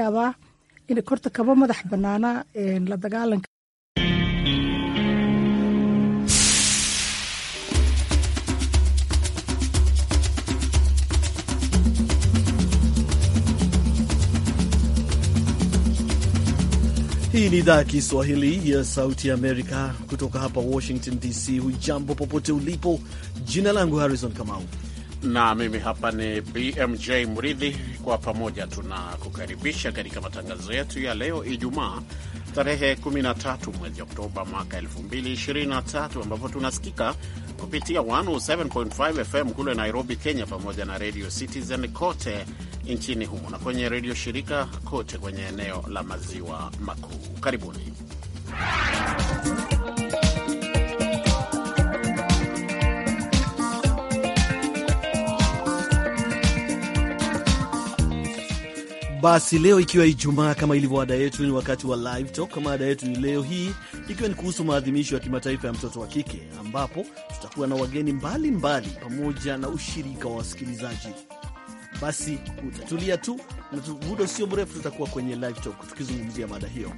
yaabaa in korta kaba madax banaana la dagaalanka Hii ni idhaa ya Kiswahili ya Sauti ya Amerika kutoka hapa Washington DC. Hujambo popote ulipo, jina langu Harrison Kamau na mimi hapa ni BMJ Mridhi. Kwa pamoja tunakukaribisha katika matangazo yetu ya leo Ijumaa tarehe 13 mwezi Oktoba mwaka 2023 ambapo tunasikika kupitia 107.5 FM kule Nairobi, Kenya, pamoja na Radio Citizen kote nchini humo na kwenye redio shirika kote kwenye eneo la maziwa makuu. Karibuni Basi leo ikiwa Ijumaa, kama ilivyo ada yetu, ni wakati wa live talk. Kama ada yetu ni leo hii ikiwa ni kuhusu maadhimisho ya kimataifa ya mtoto wa kike, ambapo tutakuwa na wageni mbalimbali mbali, pamoja na ushirika wa wasikilizaji. Basi utatulia tu na muda usio mrefu tutakuwa kwenye live talk tukizungumzia mada hiyo.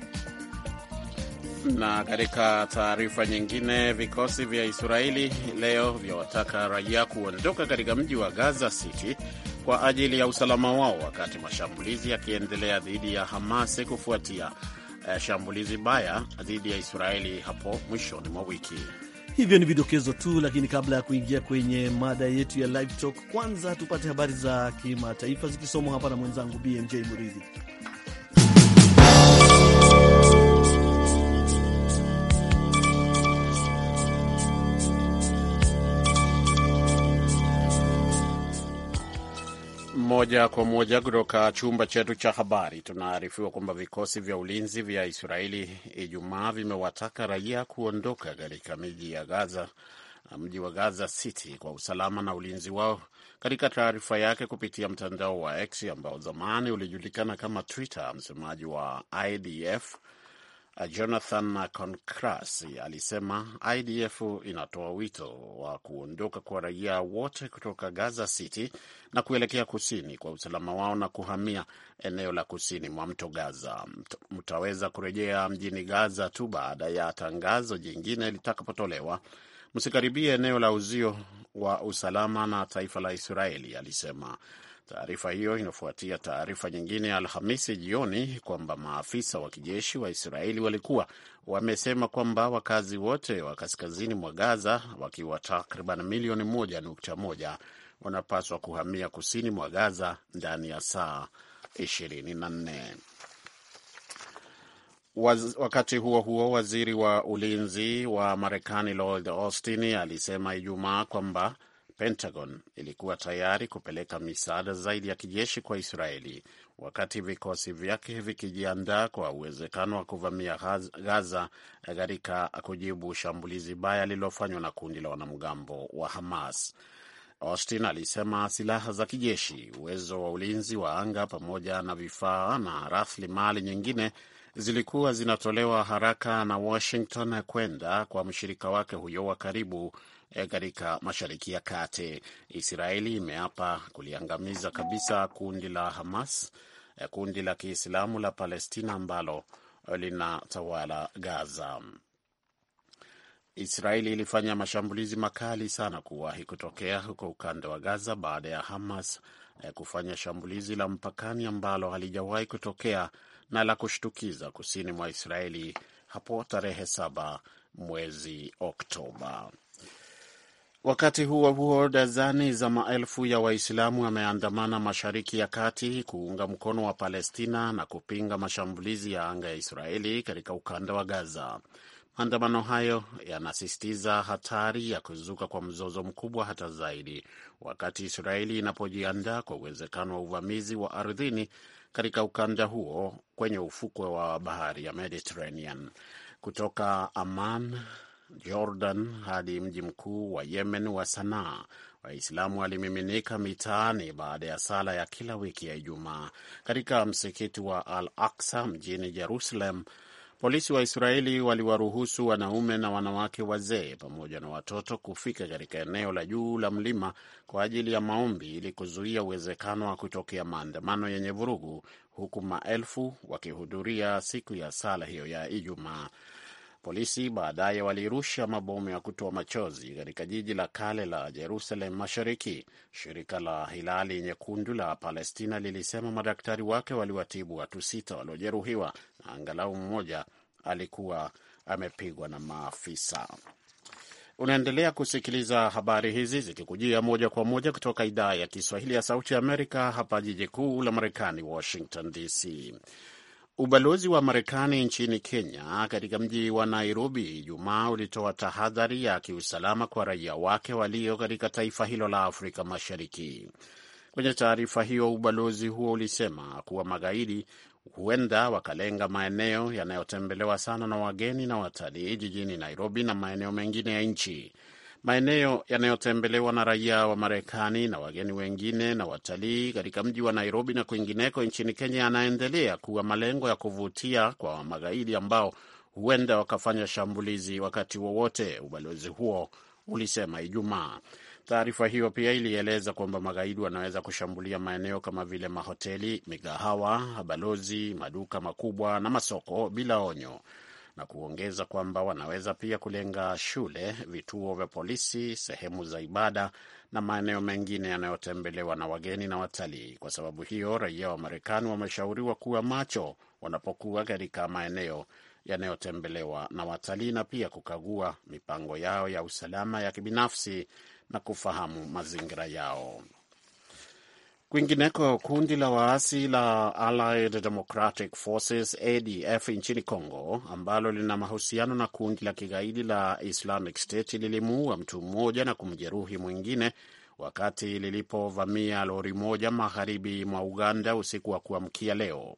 Na katika taarifa nyingine, vikosi vya Israeli leo vyawataka raia kuondoka katika mji wa Gaza City kwa ajili ya usalama wao, wakati mashambulizi yakiendelea dhidi ya Hamas kufuatia eh, shambulizi baya dhidi ya Israeli hapo mwishoni mwa wiki. Hivyo ni vidokezo tu, lakini kabla ya kuingia kwenye mada yetu ya live talk, kwanza tupate habari za kimataifa zikisomwa hapa na mwenzangu BMJ Muridhi. moja kwa moja kutoka chumba chetu cha habari, tunaarifiwa kwamba vikosi vya ulinzi vya Israeli Ijumaa vimewataka raia kuondoka katika miji ya Gaza, mji wa Gaza City kwa usalama na ulinzi wao. Katika taarifa yake kupitia mtandao wa X ambao zamani ulijulikana kama Twitter, msemaji wa IDF Jonathan Concras alisema IDF inatoa wito wa kuondoka kwa raia wote kutoka Gaza City na kuelekea kusini kwa usalama wao na kuhamia eneo la kusini mwa mto Gaza. Mtaweza kurejea mjini Gaza tu baada ya tangazo jingine litakapotolewa. Msikaribie eneo la uzio wa usalama na taifa la Israeli, alisema. Taarifa hiyo inafuatia taarifa nyingine Alhamisi jioni kwamba maafisa wa kijeshi wa Israeli walikuwa wamesema kwamba wakazi wote wa kaskazini mwa Gaza, wakiwa takriban milioni moja nukta moja, wanapaswa kuhamia kusini mwa Gaza ndani ya saa 24. Waz, wakati huo huo, waziri wa ulinzi wa Marekani Lloyd Austin alisema Ijumaa kwamba Pentagon ilikuwa tayari kupeleka misaada zaidi ya kijeshi kwa Israeli wakati vikosi vyake vikijiandaa kwa uwezekano wa kuvamia Gaza katika kujibu shambulizi baya lililofanywa na kundi la wanamgambo wa Hamas. Austin alisema silaha za kijeshi, uwezo wa ulinzi wa anga, pamoja na vifaa na rasilimali nyingine zilikuwa zinatolewa haraka na Washington kwenda kwa mshirika wake huyo wa karibu Eh, katika Mashariki ya Kati. Israeli imeapa kuliangamiza kabisa kundi la Hamas, eh, kundi la Kiislamu la Palestina ambalo eh, linatawala Gaza. Israeli ilifanya mashambulizi makali sana kuwahi kutokea huko ukanda wa Gaza baada ya Hamas kufanya shambulizi la mpakani ambalo halijawahi kutokea na la kushtukiza kusini mwa Israeli hapo tarehe saba mwezi Oktoba. Wakati huo huo, dazani za maelfu ya Waislamu wameandamana mashariki ya kati kuunga mkono wa Palestina na kupinga mashambulizi ya anga ya Israeli katika ukanda wa Gaza. Maandamano hayo yanasisitiza hatari ya kuzuka kwa mzozo mkubwa hata zaidi, wakati Israeli inapojiandaa kwa uwezekano wa uvamizi wa ardhini katika ukanda huo kwenye ufukwe wa bahari ya Mediterranean. Kutoka Aman, Jordan hadi mji mkuu wa Yemen wa Sanaa. Waislamu walimiminika mitaani baada ya sala ya kila wiki ya Ijumaa katika msikiti wa Al Aksa mjini Jerusalem. Polisi wa Israeli waliwaruhusu wanaume na wanawake wazee pamoja na watoto kufika katika eneo la juu la mlima kwa ajili ya maombi ili kuzuia uwezekano wa kutokea maandamano yenye vurugu, huku maelfu wakihudhuria siku ya sala hiyo ya Ijumaa. Polisi baadaye walirusha mabomu ya kutoa machozi katika jiji la kale la Jerusalem Mashariki. Shirika la Hilali Nyekundu la Palestina lilisema madaktari wake waliwatibu watu sita waliojeruhiwa na angalau mmoja alikuwa amepigwa na maafisa. Unaendelea kusikiliza habari hizi zikikujia moja kwa moja kutoka idhaa ya Kiswahili ya Sauti ya Amerika, hapa jiji kuu la Marekani, Washington DC. Ubalozi wa Marekani nchini Kenya katika mji wa Nairobi Ijumaa ulitoa tahadhari ya kiusalama kwa raia wake walio katika taifa hilo la Afrika Mashariki. Kwenye taarifa hiyo, ubalozi huo ulisema kuwa magaidi huenda wakalenga maeneo yanayotembelewa sana na wageni na watalii jijini Nairobi na maeneo mengine ya nchi maeneo yanayotembelewa na raia wa Marekani na wageni wengine na watalii katika mji wa Nairobi na kwingineko nchini Kenya yanaendelea kuwa malengo ya kuvutia kwa magaidi ambao huenda wakafanya shambulizi wakati wowote, ubalozi huo ulisema Ijumaa. Taarifa hiyo pia ilieleza kwamba magaidi wanaweza kushambulia maeneo kama vile mahoteli, migahawa, balozi, maduka makubwa na masoko bila onyo na kuongeza kwamba wanaweza pia kulenga shule, vituo vya polisi, sehemu za ibada na maeneo mengine yanayotembelewa na wageni na watalii. Kwa sababu hiyo, raia wa Marekani wameshauriwa kuwa macho wanapokuwa katika maeneo yanayotembelewa na watalii na pia kukagua mipango yao ya usalama ya kibinafsi na kufahamu mazingira yao. Kwingineko, kundi la waasi la Allied Democratic Forces ADF nchini Congo ambalo lina mahusiano na kundi la kigaidi la Islamic State lilimuua mtu mmoja na kumjeruhi mwingine wakati lilipovamia lori moja magharibi mwa Uganda usiku wa kuamkia leo,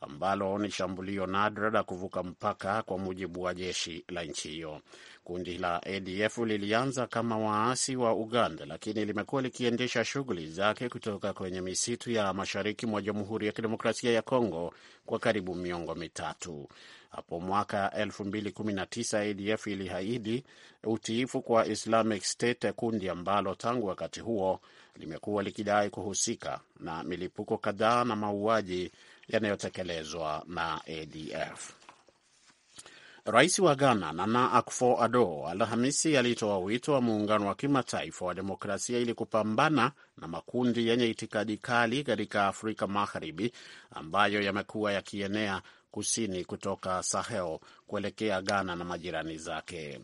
ambalo ni shambulio nadra la kuvuka mpaka, kwa mujibu wa jeshi la nchi hiyo. Kundi la ADF lilianza kama waasi wa Uganda, lakini limekuwa likiendesha shughuli zake kutoka kwenye misitu ya mashariki mwa Jamhuri ya Kidemokrasia ya Kongo kwa karibu miongo mitatu. Hapo mwaka 2019 ADF ilihaidi utiifu kwa Islamic State, kundi ambalo tangu wakati huo limekuwa likidai kuhusika na milipuko kadhaa na mauaji yanayotekelezwa na ADF. Rais wa Ghana Nana akufo Ado Alhamisi alitoa wito wa muungano wa kimataifa wa demokrasia ili kupambana na makundi yenye itikadi kali katika Afrika Magharibi ambayo yamekuwa yakienea kusini kutoka Sahel kuelekea Ghana na majirani zake.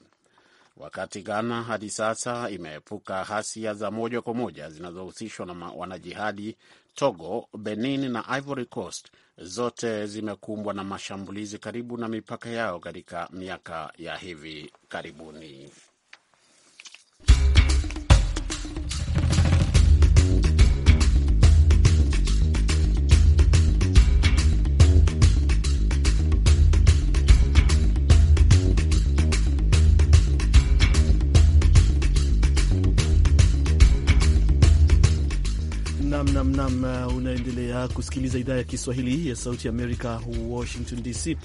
Wakati Ghana hadi sasa imeepuka ghasia za moja kwa moja zinazohusishwa na wanajihadi, Togo, Benin na Ivory Coast zote zimekumbwa na mashambulizi karibu na mipaka yao katika miaka ya hivi karibuni. nam nam, uh, unaendelea kusikiliza idhaa ya Kiswahili ya Sauti Amerika, Washington DC.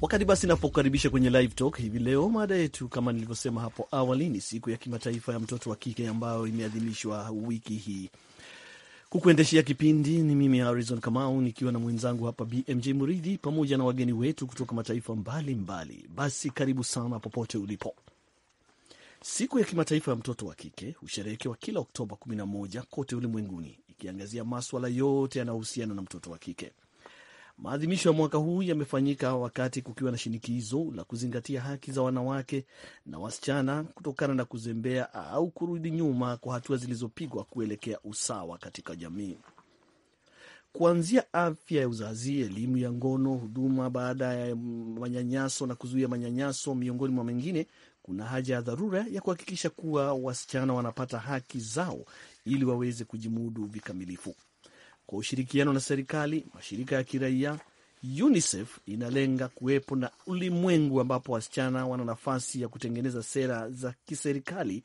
Wakati basi napokaribisha kwenye Live Talk hivi leo, mada yetu kama nilivyosema hapo awali ni siku ya kimataifa ya mtoto wa kike ambayo imeadhimishwa wiki hii. Kukuendeshea kipindi ni mimi Harrison Kamau nikiwa na mwenzangu hapa BMJ Muridhi pamoja na wageni wetu kutoka mataifa mbalimbali mbali. Basi karibu sana popote ulipo Siku ya kimataifa ya mtoto wa kike husherehekewa kila Oktoba 11 kote ulimwenguni, ikiangazia maswala yote yanayohusiana na mtoto wa kike. Maadhimisho ya mwaka huu yamefanyika wakati kukiwa na shinikizo la kuzingatia haki za wanawake na wasichana kutokana na kuzembea au kurudi nyuma kwa hatua zilizopigwa kuelekea usawa katika jamii, kuanzia afya ya uzazi, elimu ya ngono, huduma baada ya manyanyaso na kuzuia manyanyaso, miongoni mwa mengine kuna haja ya dharura ya kuhakikisha kuwa wasichana wanapata haki zao ili waweze kujimudu vikamilifu. Kwa ushirikiano na serikali, mashirika ya kiraia, UNICEF inalenga kuwepo na ulimwengu ambapo wasichana wana nafasi ya kutengeneza sera za kiserikali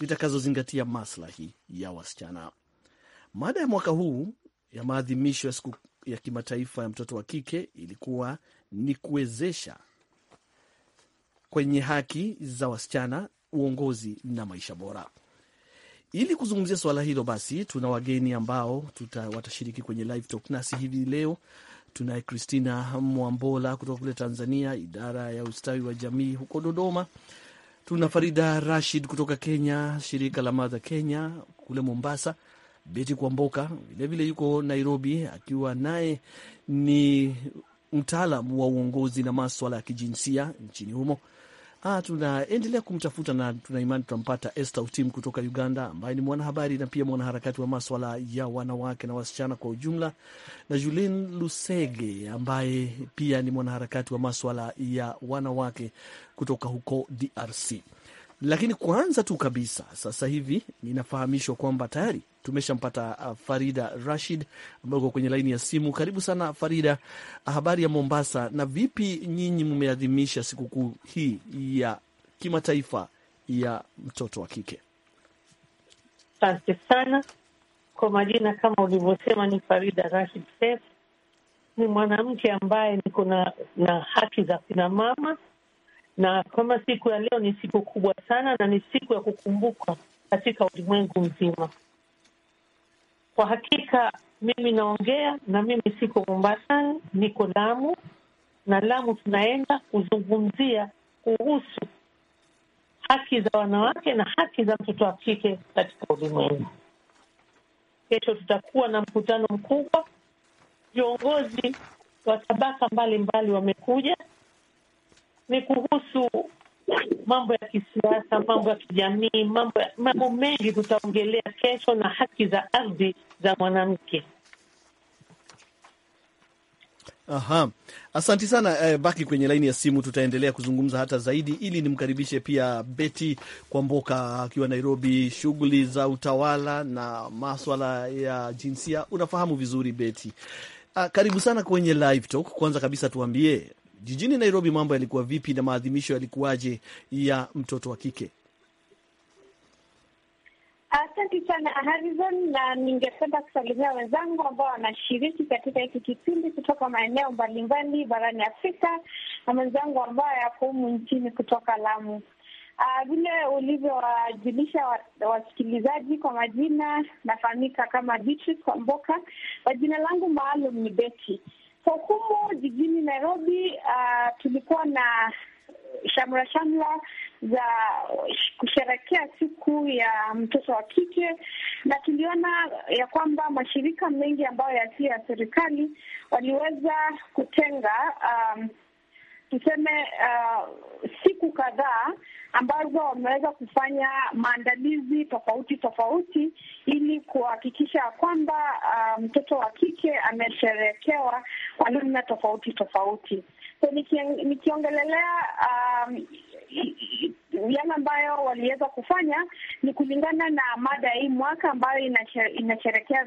zitakazozingatia maslahi ya wasichana. Mada ya mwaka huu ya maadhimisho ya siku ya kimataifa ya mtoto wa kike ilikuwa ni kuwezesha kwenye haki za wasichana, uongozi na maisha bora. Ili kuzungumzia swala hilo, basi tuna wageni ambao tuta, watashiriki kwenye live talk nasi hivi leo. Tunaye Christina Mwambola kutoka kule Tanzania, idara ya ustawi wa jamii huko Dodoma. Tuna Farida Rashid kutoka Kenya, shirika la Madha Kenya kule Mombasa. Beti Kwamboka vilevile yuko Nairobi, akiwa naye ni mtaalam wa uongozi na maswala ya kijinsia nchini humo. Ah, tunaendelea kumtafuta na tunaimani tutampata Esther Utim kutoka Uganda, ambaye ni mwanahabari na pia mwanaharakati wa maswala ya wanawake na wasichana kwa ujumla, na Julien Lusege ambaye pia ni mwanaharakati wa maswala ya wanawake kutoka huko DRC. Lakini kwanza tu kabisa, sasa hivi ninafahamishwa kwamba tayari tumeshampata uh, Farida Rashid ambayo uko kwenye laini ya simu. Karibu sana Farida, uh, habari ya Mombasa, na vipi nyinyi mmeadhimisha sikukuu hii ya kimataifa ya mtoto wa kike? Asante sana kwa majina, kama ulivyosema ni Farida Rashid Sef, ni mwanamke ambaye niko na na haki za kinamama, na kama siku ya leo ni siku kubwa sana na ni siku ya kukumbuka katika ulimwengu mzima. Kwa hakika mimi naongea na mimi siko Mombasani, niko Lamu, na Lamu tunaenda kuzungumzia kuhusu haki za wanawake na haki za mtoto wa kike katika ulimwengu. Kesho tutakuwa na mkutano mkubwa, viongozi wa tabaka mbalimbali wamekuja, ni kuhusu mambo ya kisiasa, mambo ya kijamii, mambo mambo mengi tutaongelea kesho, na haki za ardhi za mwanamke. Aha, Asanti sana eh, baki kwenye laini ya simu, tutaendelea kuzungumza hata zaidi, ili nimkaribishe pia Beti Kwamboka akiwa Nairobi. Shughuli za utawala na maswala ya jinsia unafahamu vizuri Beti. Ah, karibu sana kwenye live talk. Kwanza kabisa tuambie jijini Nairobi mambo yalikuwa vipi na maadhimisho yalikuwaje ya mtoto wa kike? Asante sana Harizon, na ningependa kusalimia wenzangu ambao wanashiriki katika hiki kipindi kutoka maeneo mbalimbali barani Afrika na mwenzangu ambayo yako humu nchini kutoka Lamu. Ah, vile ulivyowajulisha wasikilizaji wa kwa majina, nafahamika kama Beatrice Kwamboka, kwa jina langu maalum ni Beti. Kwa humu jijini Nairobi uh, tulikuwa na shamra shamra za kusherekea siku ya mtoto wa kike, na tuliona ya kwamba mashirika mengi ambayo yasiyo ya serikali waliweza kutenga um, tuseme uh, siku kadhaa ambazo wameweza kufanya maandalizi tofauti tofauti ili kuhakikisha kwamba uh, mtoto um, wa kike amesherekewa kwa namna tofauti tofauti. So, nikiongelelea um, yale ambayo waliweza kufanya ni kulingana na mada ya hii mwaka ambayo inasherekea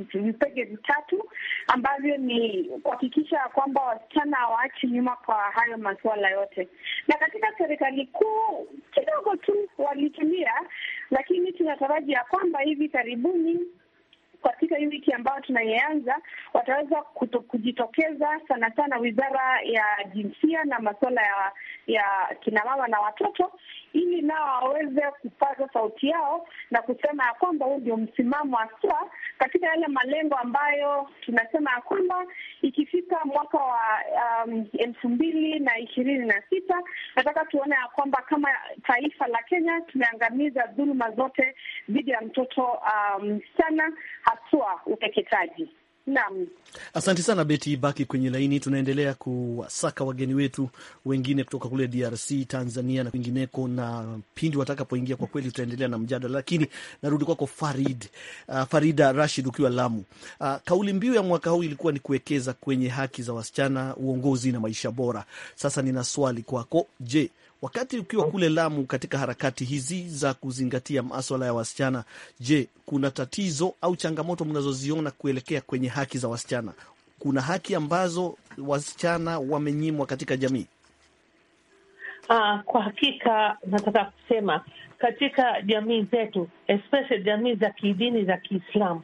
vipege vitatu ambavyo ni kuhakikisha kwamba wasichana hawaachi nyuma kwa hayo masuala yote, na katika serikali kuu kidogo tu walitumia, lakini tunataraji ya kwamba hivi karibuni katika hii wiki ambayo tunayeanza wataweza kuto, kujitokeza sana sana wizara ya jinsia na masuala ya, ya kinamama na watoto ili nao waweze kupaza sauti yao na kusema ya kwamba huu ndio msimamo haswa katika yale malengo ambayo tunasema ya kwamba ikifika mwaka wa um, elfu mbili na ishirini na sita nataka tuone ya kwamba kama taifa la Kenya tumeangamiza dhuluma zote dhidi ya mtoto msichana, um, haswa ukeketaji. Naam, asante sana Beti, baki kwenye laini. Tunaendelea kuwasaka wageni wetu wengine kutoka kule DRC, Tanzania na kwingineko, na pindi watakapoingia, kwa kweli tutaendelea na mjadala, lakini narudi kwako Farid, uh, Farida Rashid ukiwa Lamu. Uh, kauli mbiu ya mwaka huu ilikuwa ni kuwekeza kwenye haki za wasichana, uongozi na maisha bora. Sasa nina swali kwako, je, Wakati ukiwa kule Lamu katika harakati hizi za kuzingatia maswala ya wasichana, je, kuna tatizo au changamoto mnazoziona kuelekea kwenye haki za wasichana? Kuna haki ambazo wasichana wamenyimwa katika jamii? Aa, ah, kwa hakika nataka kusema katika jamii zetu especially jamii za kidini za Kiislamu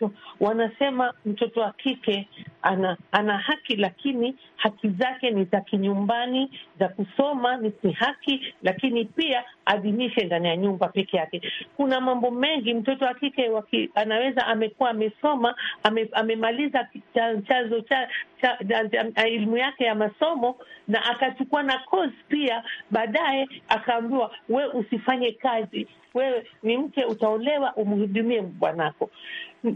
ambacho wanasema mtoto wa kike ana, ana haki lakini haki zake ni za kinyumbani, za kusoma ni haki, lakini pia aadhimishe ndani ya nyumba peke yake. Kuna mambo mengi mtoto wa kike anaweza amekuwa amesoma ame, amemaliza chanzo cha elimu yake ya masomo na akachukua na pia, baadaye akaambiwa, we usifanye kazi, wewe ni mke, utaolewa, umhudumie bwanako.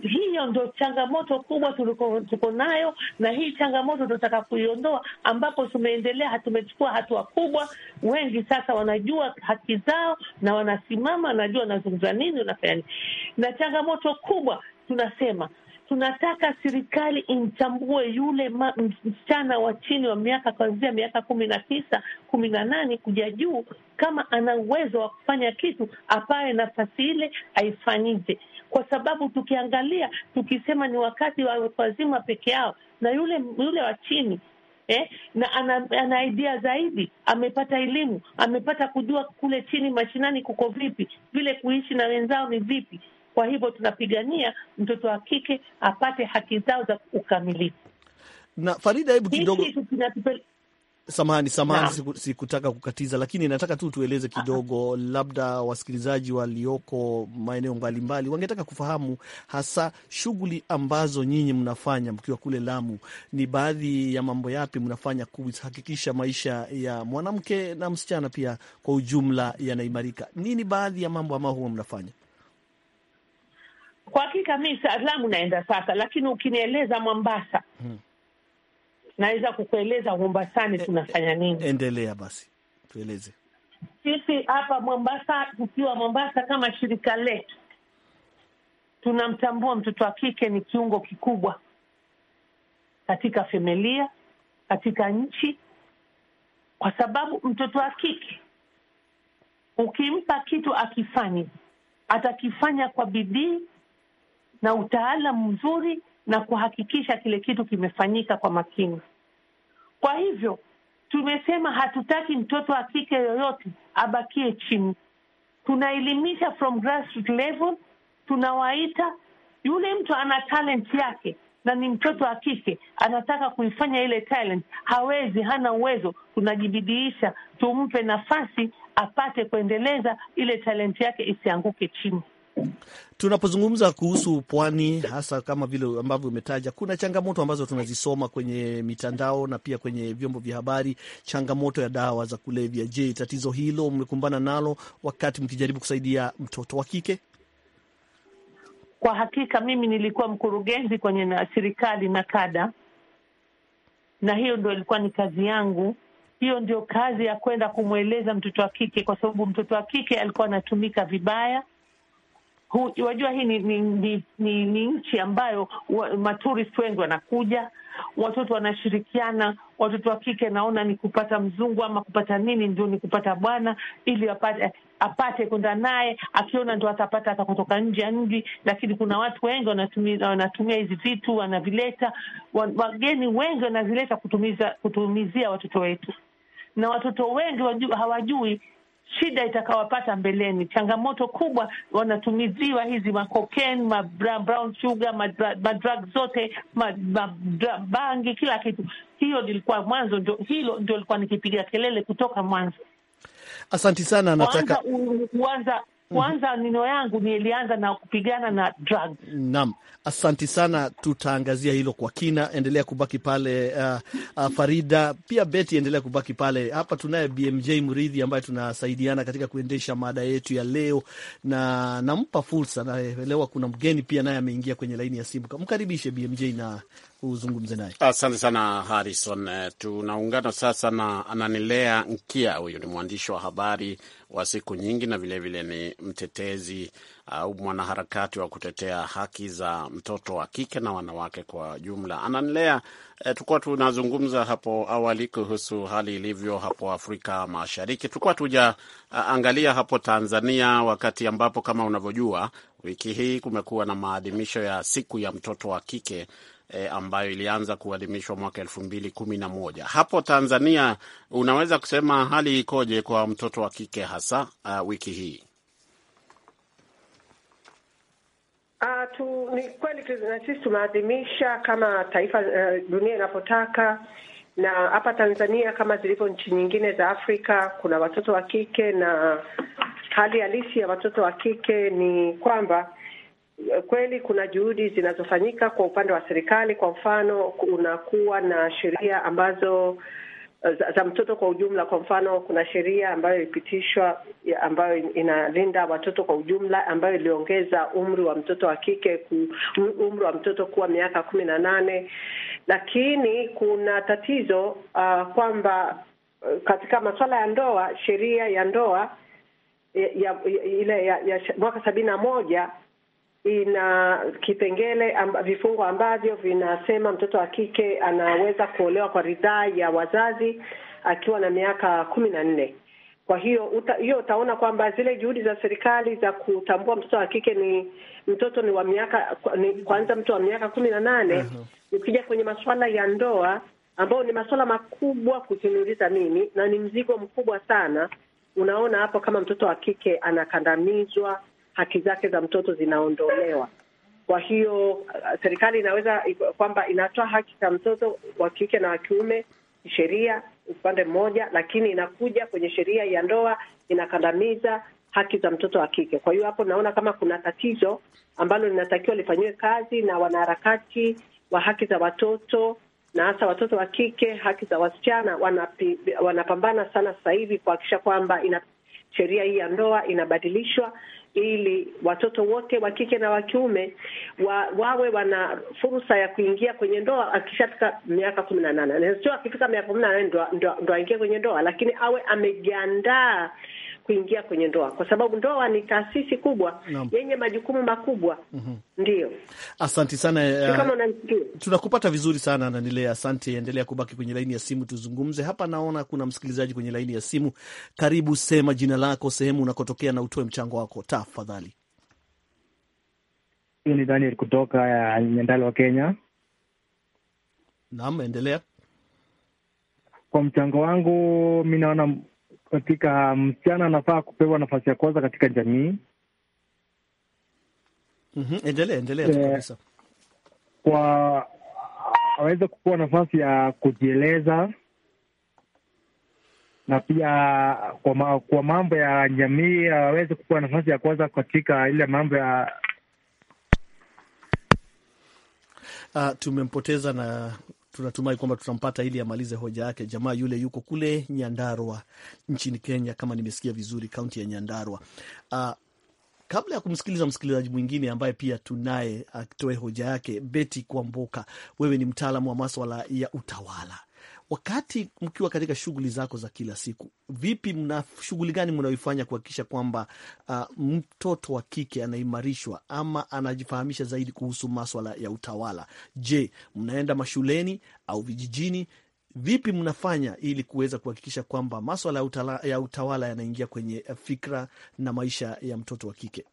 Hiyo ndo changamoto kubwa tuliko tuko nayo, na hii changamoto tunataka kuiondoa, ambapo tumeendelea, tumechukua hatua kubwa. Wengi sasa wanajua haki zao na wanasimama, anajua wanazungumza nini, wanafanya nini. Na changamoto kubwa tunasema tunataka serikali imtambue yule msichana wa chini wa miaka kuanzia miaka kumi na tisa kumi na nane kuja juu, kama ana uwezo wa kufanya kitu apaye nafasi ile aifanyije, kwa sababu tukiangalia tukisema ni wakati wa watu wazima peke yao na yule yule wa chini eh, na ana, ana idea zaidi, amepata elimu, amepata kujua kule chini mashinani kuko vipi, vile kuishi na wenzao ni vipi. Kwa hivyo tunapigania mtoto wa kike apate haki zao za ukamilifu. Na Farida, hebu kidogo Samahani, samahani, sikutaka kukatiza, lakini nataka tu tueleze kidogo, labda wasikilizaji walioko maeneo mbalimbali wangetaka kufahamu hasa shughuli ambazo nyinyi mnafanya mkiwa kule Lamu. Ni baadhi ya mambo yapi mnafanya kuhakikisha maisha ya mwanamke na msichana pia kwa ujumla yanaimarika? Nini baadhi ya mambo ambayo huwa mnafanya? Kwa hakika mi salamu naenda sasa, lakini ukinieleza Mombasa hmm naweza kukueleza Mombasani tunafanya nini. Endelea basi, tueleze. Sisi hapa Mombasa, tukiwa Mombasa kama shirika letu, tunamtambua mtoto wa kike ni kiungo kikubwa katika familia, katika nchi, kwa sababu mtoto wa kike ukimpa kitu akifanye, atakifanya kwa bidii na utaalamu mzuri na kuhakikisha kile kitu kimefanyika kwa makini. Kwa hivyo tumesema hatutaki mtoto wa kike yoyote abakie chini. Tunaelimisha from grassroots level, tunawaita yule mtu ana talent yake na ni mtoto wa kike anataka kuifanya ile talent, hawezi, hana uwezo, tunajibidiisha tumpe nafasi apate kuendeleza ile talent yake isianguke chini. Tunapozungumza kuhusu pwani, hasa kama vile ambavyo umetaja, kuna changamoto ambazo tunazisoma kwenye mitandao na pia kwenye vyombo vya habari, changamoto ya dawa za kulevya. Je, tatizo hilo mmekumbana nalo wakati mkijaribu kusaidia mtoto wa kike? Kwa hakika mimi nilikuwa mkurugenzi kwenye na serikali na kada, na hiyo ndo ilikuwa ni kazi yangu. Hiyo ndio kazi ya kwenda kumweleza mtoto wa kike, kwa sababu mtoto wa kike alikuwa anatumika vibaya hu, wajua hii ni, ni, ni, ni, ni nchi ambayo wa, maturist wengi wanakuja, watoto wanashirikiana, watoto wa kike naona ni kupata mzungu ama kupata nini, ndio ni kupata bwana ili apate apate kwenda naye, akiona ndo atapata hata kutoka nje ya mji. Lakini kuna watu wengi wanatumia wanatumia hizi vitu wanavileta, wageni wengi wanavileta kutumiza kutumizia watoto wetu, na watoto wengi wajua, hawajui shida itakawapata mbeleni, changamoto kubwa. Wanatumiziwa hizi makokeni ma brown sugar, madrug zote, mabangi, ma kila kitu. Hiyo ilikuwa mwanzo, ndio hilo ndio likuwa nikipiga kelele kutoka mwanzo. Asanti sana, nataka uanza kwanza nino yangu nilianza na kupigana na drugs. Naam, asanti sana, tutaangazia hilo kwa kina. Endelea kubaki pale uh, uh, Farida pia Beti, endelea kubaki pale. Hapa tunaye BMJ Mridhi ambaye tunasaidiana katika kuendesha mada yetu ya leo, na nampa fursa, naelewa kuna mgeni pia naye ameingia kwenye laini ya simu. Mkaribishe BMJ na uzungumze naye. Asante sana Harrison. Eh, tunaungana sasa na Ananilea Nkia. Huyu ni mwandishi wa habari wa siku nyingi na vilevile vile ni mtetezi au uh, mwanaharakati wa kutetea haki za mtoto wa kike na wanawake kwa jumla. Ananilea, eh, tukuwa tunazungumza hapo awali kuhusu hali ilivyo hapo Afrika Mashariki. Tukuwa tujaangalia uh, hapo Tanzania, wakati ambapo kama unavyojua wiki hii kumekuwa na maadhimisho ya siku ya mtoto wa kike e, ambayo ilianza kuadhimishwa mwaka elfu mbili kumi na moja. Hapo Tanzania unaweza kusema hali ikoje kwa mtoto wa kike hasa uh, wiki hii? Uh, tu, ni kweli na sisi tunaadhimisha kama taifa uh, dunia inapotaka na hapa Tanzania kama zilivyo nchi nyingine za Afrika kuna watoto wa kike, na hali halisi ya watoto wa kike ni kwamba kweli kuna juhudi zinazofanyika kwa upande wa serikali. Kwa mfano, kunakuwa na sheria ambazo eh, za, za mtoto kwa ujumla. Kwa mfano, kuna sheria ambayo ilipitishwa ambayo inalinda watoto kwa ujumla, ambayo iliongeza umri wa mtoto wa kike ku, umri wa mtoto kuwa miaka kumi na nane, lakini kuna tatizo uh, kwamba eh, katika masuala ya ndoa, sheria ya ndoa ya, ya, ile ya, ya mwaka sabini na moja ina kipengele amba, vifungo ambavyo vinasema mtoto wa kike anaweza kuolewa kwa ridhaa ya wazazi akiwa na miaka kumi na nne. Kwa hiyo uta, hiyo utaona kwamba zile juhudi za serikali za kutambua mtoto wa kike ni mtoto ni wa miaka ni kwanza mtu wa miaka kumi na nane. Mhm. Ukija kwenye masuala ya ndoa ambayo ni masuala makubwa kukiniuliza mimi, na ni mzigo mkubwa sana. Unaona hapo kama mtoto wa kike anakandamizwa haki zake za mtoto zinaondolewa. Kwa hiyo uh, serikali inaweza kwamba inatoa haki za mtoto wa kike na wa kiume sheria upande mmoja, lakini inakuja kwenye sheria ya ndoa inakandamiza haki za mtoto wa kike. Kwa hiyo hapo naona kama kuna tatizo ambalo linatakiwa lifanyiwe kazi na wanaharakati wa haki za watoto na hasa watoto wa kike, haki za wasichana, wanapi, wanapambana sana sasa hivi kuhakikisha kwamba sheria hii ya ndoa inabadilishwa ili watoto wote wa kike na wa kiume wa, wawe wana fursa ya kuingia kwenye ndoa akishafika miaka kumi na nane. Sio akifika miaka kumi na nane ndo aingie kwenye ndoa, lakini awe amejiandaa kuingia kwenye ndoa, kwa sababu ndoa ni taasisi kubwa no. yenye majukumu makubwa mm -hmm. Ndio, asanti sana uh, tunakupata vizuri sana Nanilea, asante. Endelea kubaki kwenye laini ya simu, tuzungumze hapa. Naona kuna msikilizaji kwenye laini ya simu. Karibu, sema jina lako, sehemu unakotokea na utoe mchango wako tafadhali. Hiyo ni Daniel kutoka eh, nyandalo wa Kenya. Naam, endelea. Kwa mchango wangu, mi naona katika msichana anafaa kupewa nafasi ya kwanza katika jamii. mm -hmm. Endelea, endelea eh, kabisa, kwa aweze kupewa nafasi ya kujieleza na pia kwa, ma, kwa mambo ya jamii aweze kupewa nafasi ya kwanza katika ile mambo ya Uh, tumempoteza na tunatumai kwamba tutampata ili amalize hoja yake. Jamaa yule yuko kule nyandarwa nchini Kenya, kama nimesikia vizuri, kaunti ya nyandarwa Uh, ah, kabla ya kumsikiliza msikilizaji mwingine ambaye pia tunaye atoe hoja yake, Beti Kwamboka, wewe ni mtaalamu wa maswala ya utawala Wakati mkiwa katika shughuli zako za kila siku, vipi, mna shughuli gani mnaoifanya kuhakikisha kwamba uh, mtoto wa kike anaimarishwa ama anajifahamisha zaidi kuhusu maswala ya utawala? Je, mnaenda mashuleni au vijijini? Vipi mnafanya ili kuweza kuhakikisha kwamba maswala ya utawala, ya utawala yanaingia kwenye fikra na maisha ya mtoto wa kike?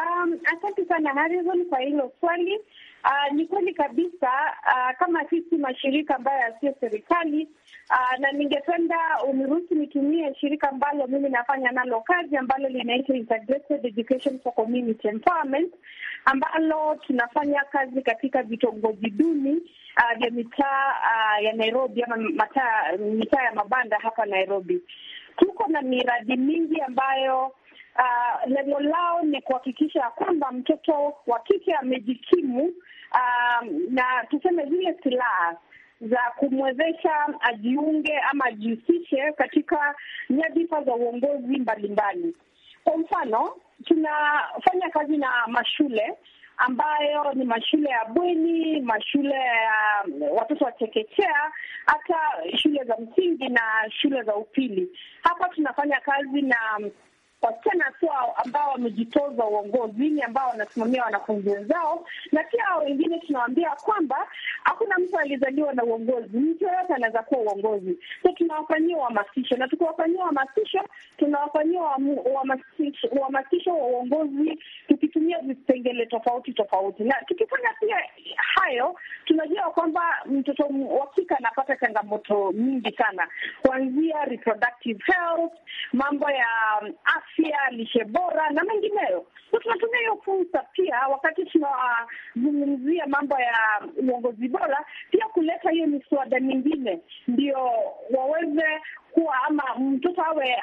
Um, asante sana Harrison kwa hilo swali. Uh, ni kweli kabisa uh, kama sisi mashirika ambayo yasiyo serikali uh, na ningependa uniruhusu nitumie shirika ambalo mimi nafanya nalo kazi ambalo linaitwa Integrated Education for Community Empowerment ambalo tunafanya kazi katika vitongoji duni vya uh, mitaa uh, ya Nairobi ama mitaa ya mabanda hapa Nairobi. Tuko na miradi mingi ambayo Uh, lengo lao ni kuhakikisha ya kwamba mtoto wa kike amejikimu um, na tuseme zile silaha za kumwezesha ajiunge ama ajihusishe katika nyadhifa za uongozi mbalimbali. Kwa mfano, tunafanya kazi na mashule ambayo ni mashule ya bweni, mashule ya um, watoto wa chekechea, hata shule za msingi na shule za upili. Hapa tunafanya kazi na um, wasichana tu ambao wamejitoza uongozini, ambao wanasimamia wanafunzi wenzao, na pia hao wengine tunawaambia kwamba hakuna mtu aliyezaliwa na uongozi, mtu yoyote anaweza kuwa uongozi. So tunawafanyia uhamasisho, na tukiwafanyia uhamasisho, tunawafanyia uhamasisho wa uongozi tukitumia vipengele tofauti tofauti, na tukifanya pia hayo, tunajua kwamba mtoto wa kike anapata changamoto nyingi sana, kuanzia reproductive health, mambo ya afya mm, afya, lishe bora na mengineyo. So tunatumia hiyo fursa pia, wakati tunazungumzia mambo ya uongozi bora, pia kuleta hiyo miswada mingine, ndio waweze kuwa ama mtoto awe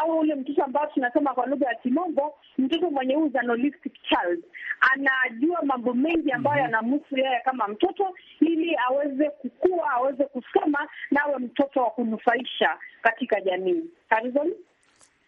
au ule mtoto ambao tunasema kwa lugha ya Kimombo, mtoto mwenye huu child anajua mambo mengi ambayo mhm. yanamhusu yeye kama mtoto, ili aweze kukua, aweze kusoma na awe mtoto wa kunufaisha katika jamii. Harizon?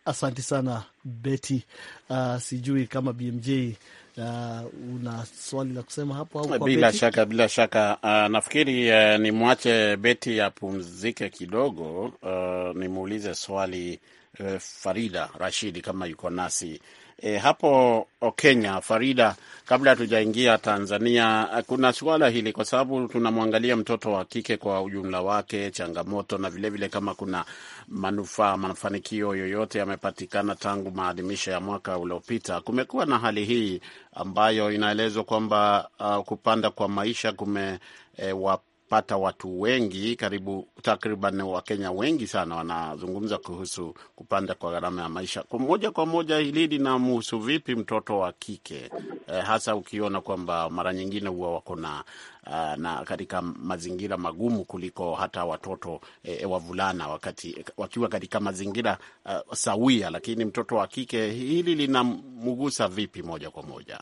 Asante sana Beti. Uh, ah, sijui kama BMJ uh, ah, una swali la kusema hapo au kwa bila Beti? Shaka, bila shaka uh, nafikiri uh, nimwache Beti apumzike kidogo uh, nimuulize swali uh, Farida Rashidi kama yuko nasi E, hapo oh, Kenya, Farida, kabla hatujaingia Tanzania, eh, kuna suala hili kwa sababu tunamwangalia mtoto wa kike kwa ujumla wake, changamoto na vilevile vile kama kuna manufaa, mafanikio yoyote yamepatikana tangu maadhimisho ya mwaka uliopita. Kumekuwa na hali hii ambayo inaelezwa kwamba uh, kupanda kwa maisha kume eh, wap pata watu wengi, karibu takriban Wakenya wengi sana wanazungumza kuhusu kupanda kwa gharama ya maisha. Kwa moja kwa moja, hili linamhusu vipi mtoto wa kike e, hasa ukiona kwamba mara nyingine huwa wako na eh, na katika mazingira magumu kuliko hata watoto e, wavulana wakati wakiwa katika mazingira uh, sawia, lakini mtoto wa kike hili linamgusa vipi moja kwa moja?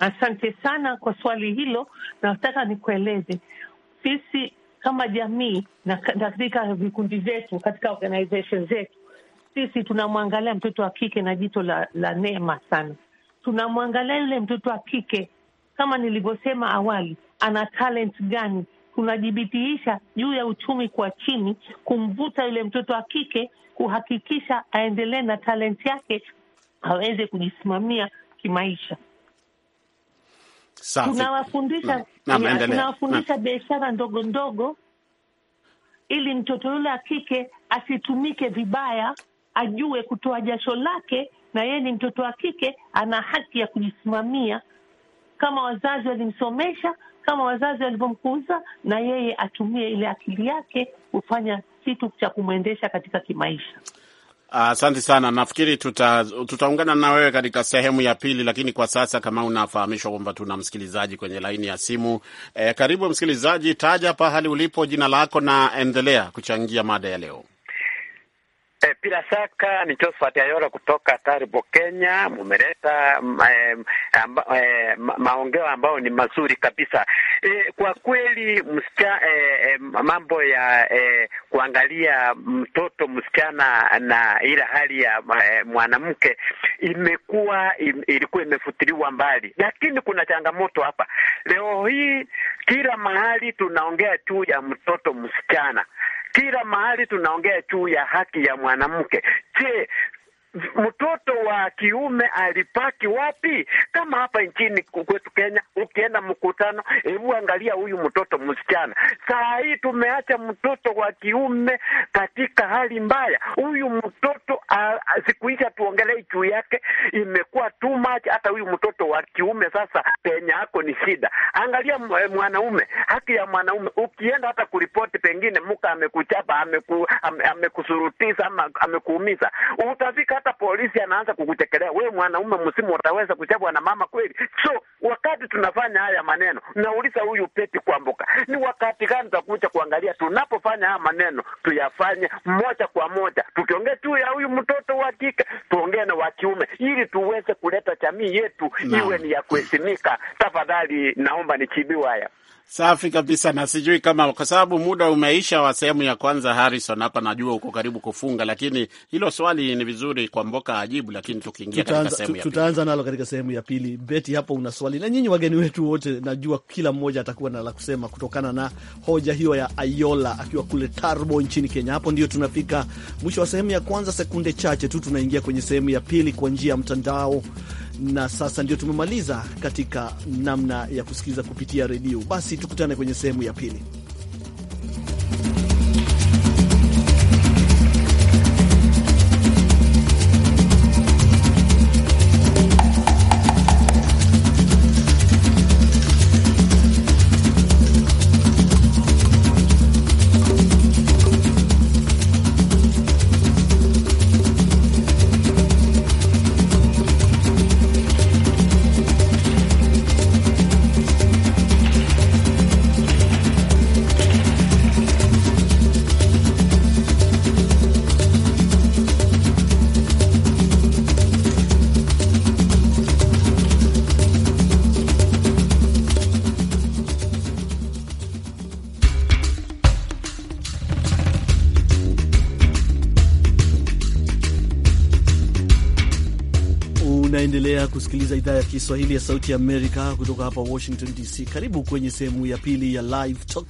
Asante sana kwa swali hilo, na nataka nikueleze sisi kama jamii na katika vikundi vyetu, katika organization zetu, sisi tunamwangalia mtoto wa kike na jito la, la neema sana. Tunamwangalia yule mtoto wa kike kama nilivyosema awali, ana talent gani? Tunajibitiisha juu ya uchumi kwa chini, kumvuta yule mtoto wa kike, kuhakikisha aendelee na talent yake, aweze kujisimamia kimaisha tunawafundisha tunawafundisha biashara ndogo ndogo, ili mtoto yule akike kike asitumike vibaya, ajue kutoa jasho lake, na yeye ni mtoto wa kike, ana haki ya kujisimamia. Kama wazazi walimsomesha, kama wazazi walivyomkuza, na yeye atumie ile akili yake kufanya kitu cha kumwendesha katika kimaisha. Asante uh, sana. Nafikiri tuta, tutaungana na wewe katika sehemu ya pili, lakini kwa sasa kama unafahamishwa kwamba tuna msikilizaji kwenye laini ya simu eh, karibu msikilizaji, taja pahali ulipo, jina lako na endelea kuchangia mada ya leo. E, bila shaka ni Josephat Ayora kutoka Taribo, Kenya. Mumeleta eh, amba, e, maongeo ambayo ni mazuri kabisa e, kwa kweli msichana e, mambo ya e, kuangalia mtoto msichana na ile hali ya e, mwanamke imekuwa im, ilikuwa imefutiliwa mbali, lakini kuna changamoto hapa. Leo hii kila mahali tunaongea tu ya mtoto msichana kila mahali tunaongea juu ya haki ya mwanamke. Je, mtoto wa kiume alipaki wapi? Kama hapa nchini kwetu Kenya, ukienda mkutano, hebu angalia huyu mtoto msichana. Saa hii tumeacha mtoto wa kiume katika hali mbaya. Huyu mtoto sikuisha hizi juu yake, imekuwa too much. Hata huyu mtoto wa kiume sasa, penye yako ni shida. Angalia mwanaume, haki ya mwanaume, ukienda hata kuripoti, pengine muka amekuchapa, ameku, ame ama amekuumiza, utafika hata polisi anaanza kukuchekelea wewe, mwanaume msimu, utaweza kuchapwa na mama kweli? So wakati tunafanya haya maneno, nauliza huyu Peti Kwamboka, ni wakati gani takuja kuangalia? Tunapofanya haya maneno tuyafanye moja kwa moja, tukiongea tu ya huyu mtoto wa kike, tuongee na wa kiume, ili tuweze kuleta jamii yetu iwe ni ya kuheshimika. Tafadhali naomba nichibiwa haya. Safi kabisa, na sijui kama kwa sababu muda umeisha wa sehemu ya kwanza, Harrison, hapa najua uko karibu kufunga, lakini hilo swali ni vizuri kwa Mboka ajibu, lakini tukiingia katika sehemu ya tutaanza nalo katika sehemu ya pili. Beti, hapo una swali, na nyinyi wageni wetu wote najua kila mmoja atakuwa na la kusema kutokana na hoja hiyo ya Ayola akiwa kule Tarbo nchini Kenya. Hapo ndio tunafika mwisho wa sehemu ya kwanza, sekunde chache tu tunaingia kwenye sehemu ya pili kwa njia ya mtandao na sasa ndio tumemaliza katika namna ya kusikiliza kupitia redio. Basi tukutane kwenye sehemu ya pili. Unaendelea kusikiliza idhaa ya Kiswahili ya Sauti ya Amerika kutoka hapa Washington DC. Karibu kwenye sehemu ya pili ya Live Talk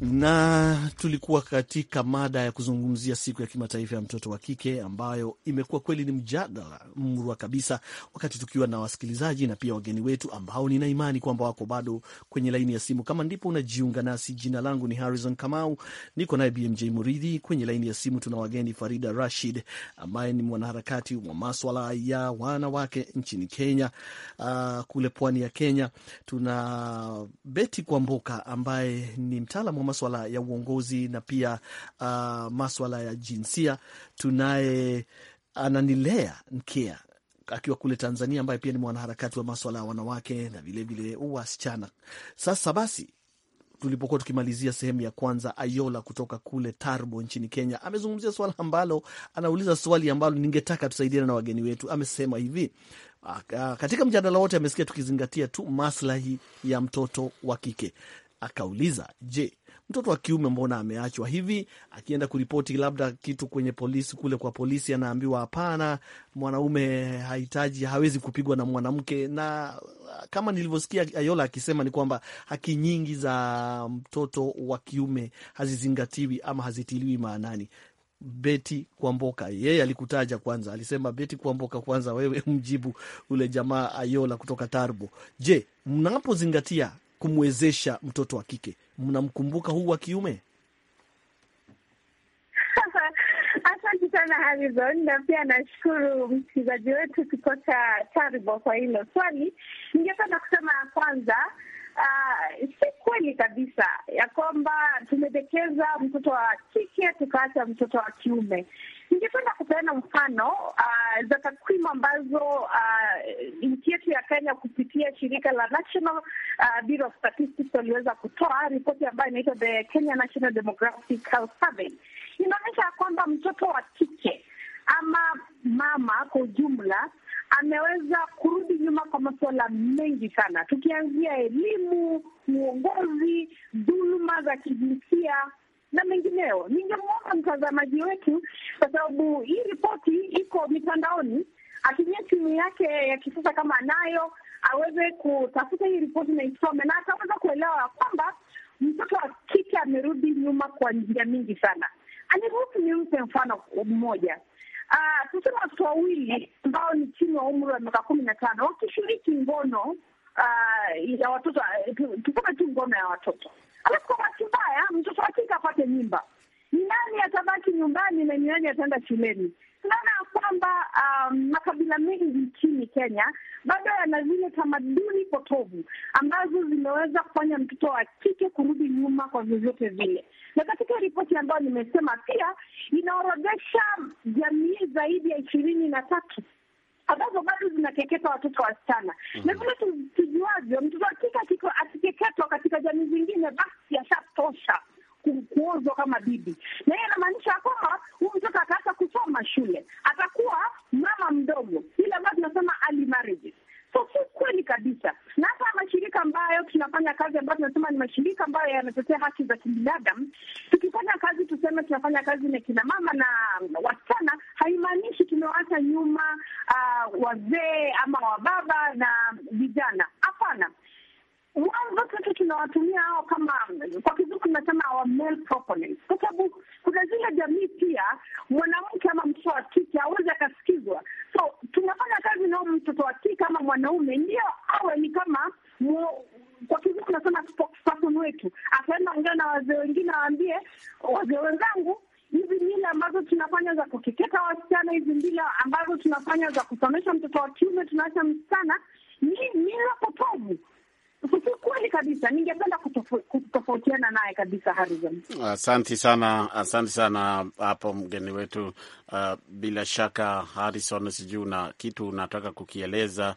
na tulikuwa katika mada ya kuzungumzia siku ya kimataifa ya mtoto wa kike ambayo imekuwa kweli ni mjadala mrwa kabisa, wakati tukiwa na wasikilizaji na pia wageni wetu ambao nina imani kwamba wako bado kwenye laini ya simu. Kama ndipo unajiunga nasi, jina langu ni Harrison Kamau, niko naye BMJ Muridhi kwenye laini ya simu. Tuna wageni Farida Rashid ambaye ni mwanaharakati wa maswala ya wanawake nchini Kenya, uh, kule pwani ya Kenya. Tuna Beti Kwamboka ambaye ni mtaalam maswala ya uongozi na pia uh, maswala ya jinsia. Tunaye Ananilea Nkea akiwa kule Tanzania, ambaye pia ni mwanaharakati wa maswala ya wanawake na vilevile wasichana. Sasa basi tulipokuwa tukimalizia sehemu ya kwanza, Ayola kutoka kule Tarbo nchini Kenya amezungumzia swala ambalo, anauliza swali ambalo ningetaka tusaidiana na wageni wetu. Amesema hivi katika mjadala wote, amesikia tukizingatia tu maslahi ya mtoto wa kike. Akauliza, je, mtoto wa kiume mbona ameachwa hivi? Akienda kuripoti labda kitu kwenye polisi kule kwa polisi, anaambiwa hapana, mwanaume hahitaji, hawezi kupigwa na mwanamke. Na uh, kama nilivyosikia Ayola akisema ni kwamba haki nyingi za mtoto wa kiume hazizingatiwi ama hazitiliwi maanani. Beti Kwamboka yeye alikutaja kwanza, alisema Beti Kwamboka kwanza, wewe mjibu ule jamaa Ayola kutoka Tarbo. Je, mnapozingatia kumwezesha mtoto wa kike? Mnamkumbuka huu wa kiume? Asante sana harizon na pia nashukuru msikilizaji wetu kutoka Taribo kwa hilo swali. Ningependa kusema ya kwanza, uh, si kweli kabisa ya kwamba tumedekeza mtoto wa kike tukaacha mtoto wa kiume. Ningependa kupeana mfano uh, za takwimu ambazo uh, nchi yetu ya Kenya kupitia shirika la National uh, Bureau of Statistics waliweza kutoa ripoti ambayo inaitwa the Kenya National Demographic Health Survey. Inaonyesha kwamba mtoto wa kike ama mama kwa ujumla ameweza kurudi nyuma kwa masuala mengi sana, tukianzia elimu, uongozi, dhuluma za kijinsia na mengineo. Ningemwomba mtazamaji wetu, kwa sababu hii ripoti iko mitandaoni, atumie simu yake ya kisasa kama anayo, aweze kutafuta hii ripoti na isome, na ataweza kuelewa ya kwamba mtoto wa kike amerudi nyuma kwa njia mingi sana. Aniruhusu nimpe mfano mmoja. Uh, tuseme watoto wawili ambao ni chini wa umri wa miaka kumi na tano wakishiriki ngono uh, ya watoto eh, tuseme tu ngono ya watoto Alafu kwa bahati mbaya mtoto wa kike apate mimba, ni nani atabaki nyumbani na ni nani ataenda shuleni? Tunaona kwamba um, makabila mengi nchini Kenya bado yana zile tamaduni potovu ambazo zimeweza kufanya mtoto wa kike kurudi nyuma kwa vyovyote vile, na katika ripoti ambayo nimesema pia inaorodhesha jamii zaidi ya ishirini na tatu ambazo bado zinakeketwa watoto wasichana mhm. na vile tujuavyo, mtoto wa kike akikeketwa katika jamii zingine, basi ashatosha kuozwa kama bibi, na hiyo inamaanisha ya kwamba huyu mtoto ataanza kusoma shule, atakuwa mama mdogo, ile ambayo tunasema early marriages. So si kweli kabisa, na hata mashirika ambayo tunafanya kazi ambayo tunasema ni mashirika ambayo yanatetea haki za kibinadamu, tukifanya kazi tuseme tunafanya kazi na kina mama na wasichana, haimaanishi tumewaacha nyuma uh, wazee ama wababa na vijana. Hapana, mwanzo tatu tunawatumia hao kama kwa kizungu tunasema our male proponents, kwa sababu kuna zile jamii pia mwanamke ama mtoto wa kike aweze akasikizwa. So tunafanya kazi nao, mtoto wa kike ama mwanaume ndio awe ni kama mw... kwa kizungu tunasema spokesperson wetu, akaenda ongea na wazee wengine, awaambie wazee wenzangu, hizi mila ambazo tunafanya za kukeketa wasichana, hizi mila ambazo tunafanya za kusomesha mtoto wa kiume, tunaacha msichana, ni mila potovu. Si kweli kabisa, ningependa kutofautiana naye kabisa Harrison. Asante sana, asante sana hapo mgeni wetu. Uh, bila shaka harison sijui una kitu unataka kukieleza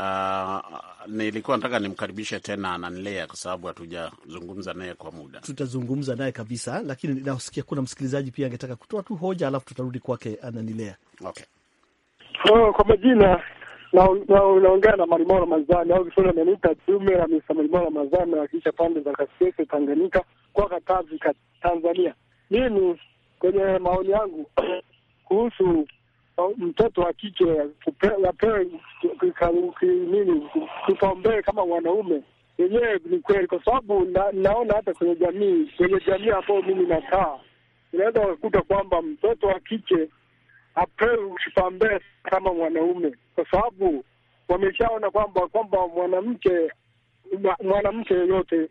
Uh, nilikuwa nataka nimkaribishe tena Ananilea kwa sababu hatujazungumza naye kwa muda. Tutazungumza naye kabisa, lakini nasikia kuna msikilizaji pia angetaka kutoa tu hoja, alafu tutarudi kwake Ananilea. Okay. Oh, kwa majina naongea na Malimao Ramazani au Kiswahili ameniita Jume Hamisa Malimao Ramazani, nawakilisha pande za Kasese, Tanganyika kwa Katavi, Tanzania. Mimi kwenye maoni yangu kuhusu mtoto wa kike apewe nini kipaumbele kama wanaume. Yenyewe ni kweli, kwa sababu naona hata kwenye jamii kwenye jamii ambayo mimi nakaa, unaweza wakakuta kwamba mtoto wa kike apewe kipaumbele kama mwanaume, kwa sababu wameshaona kwamba kwamba mwanamke mwanamke yeyote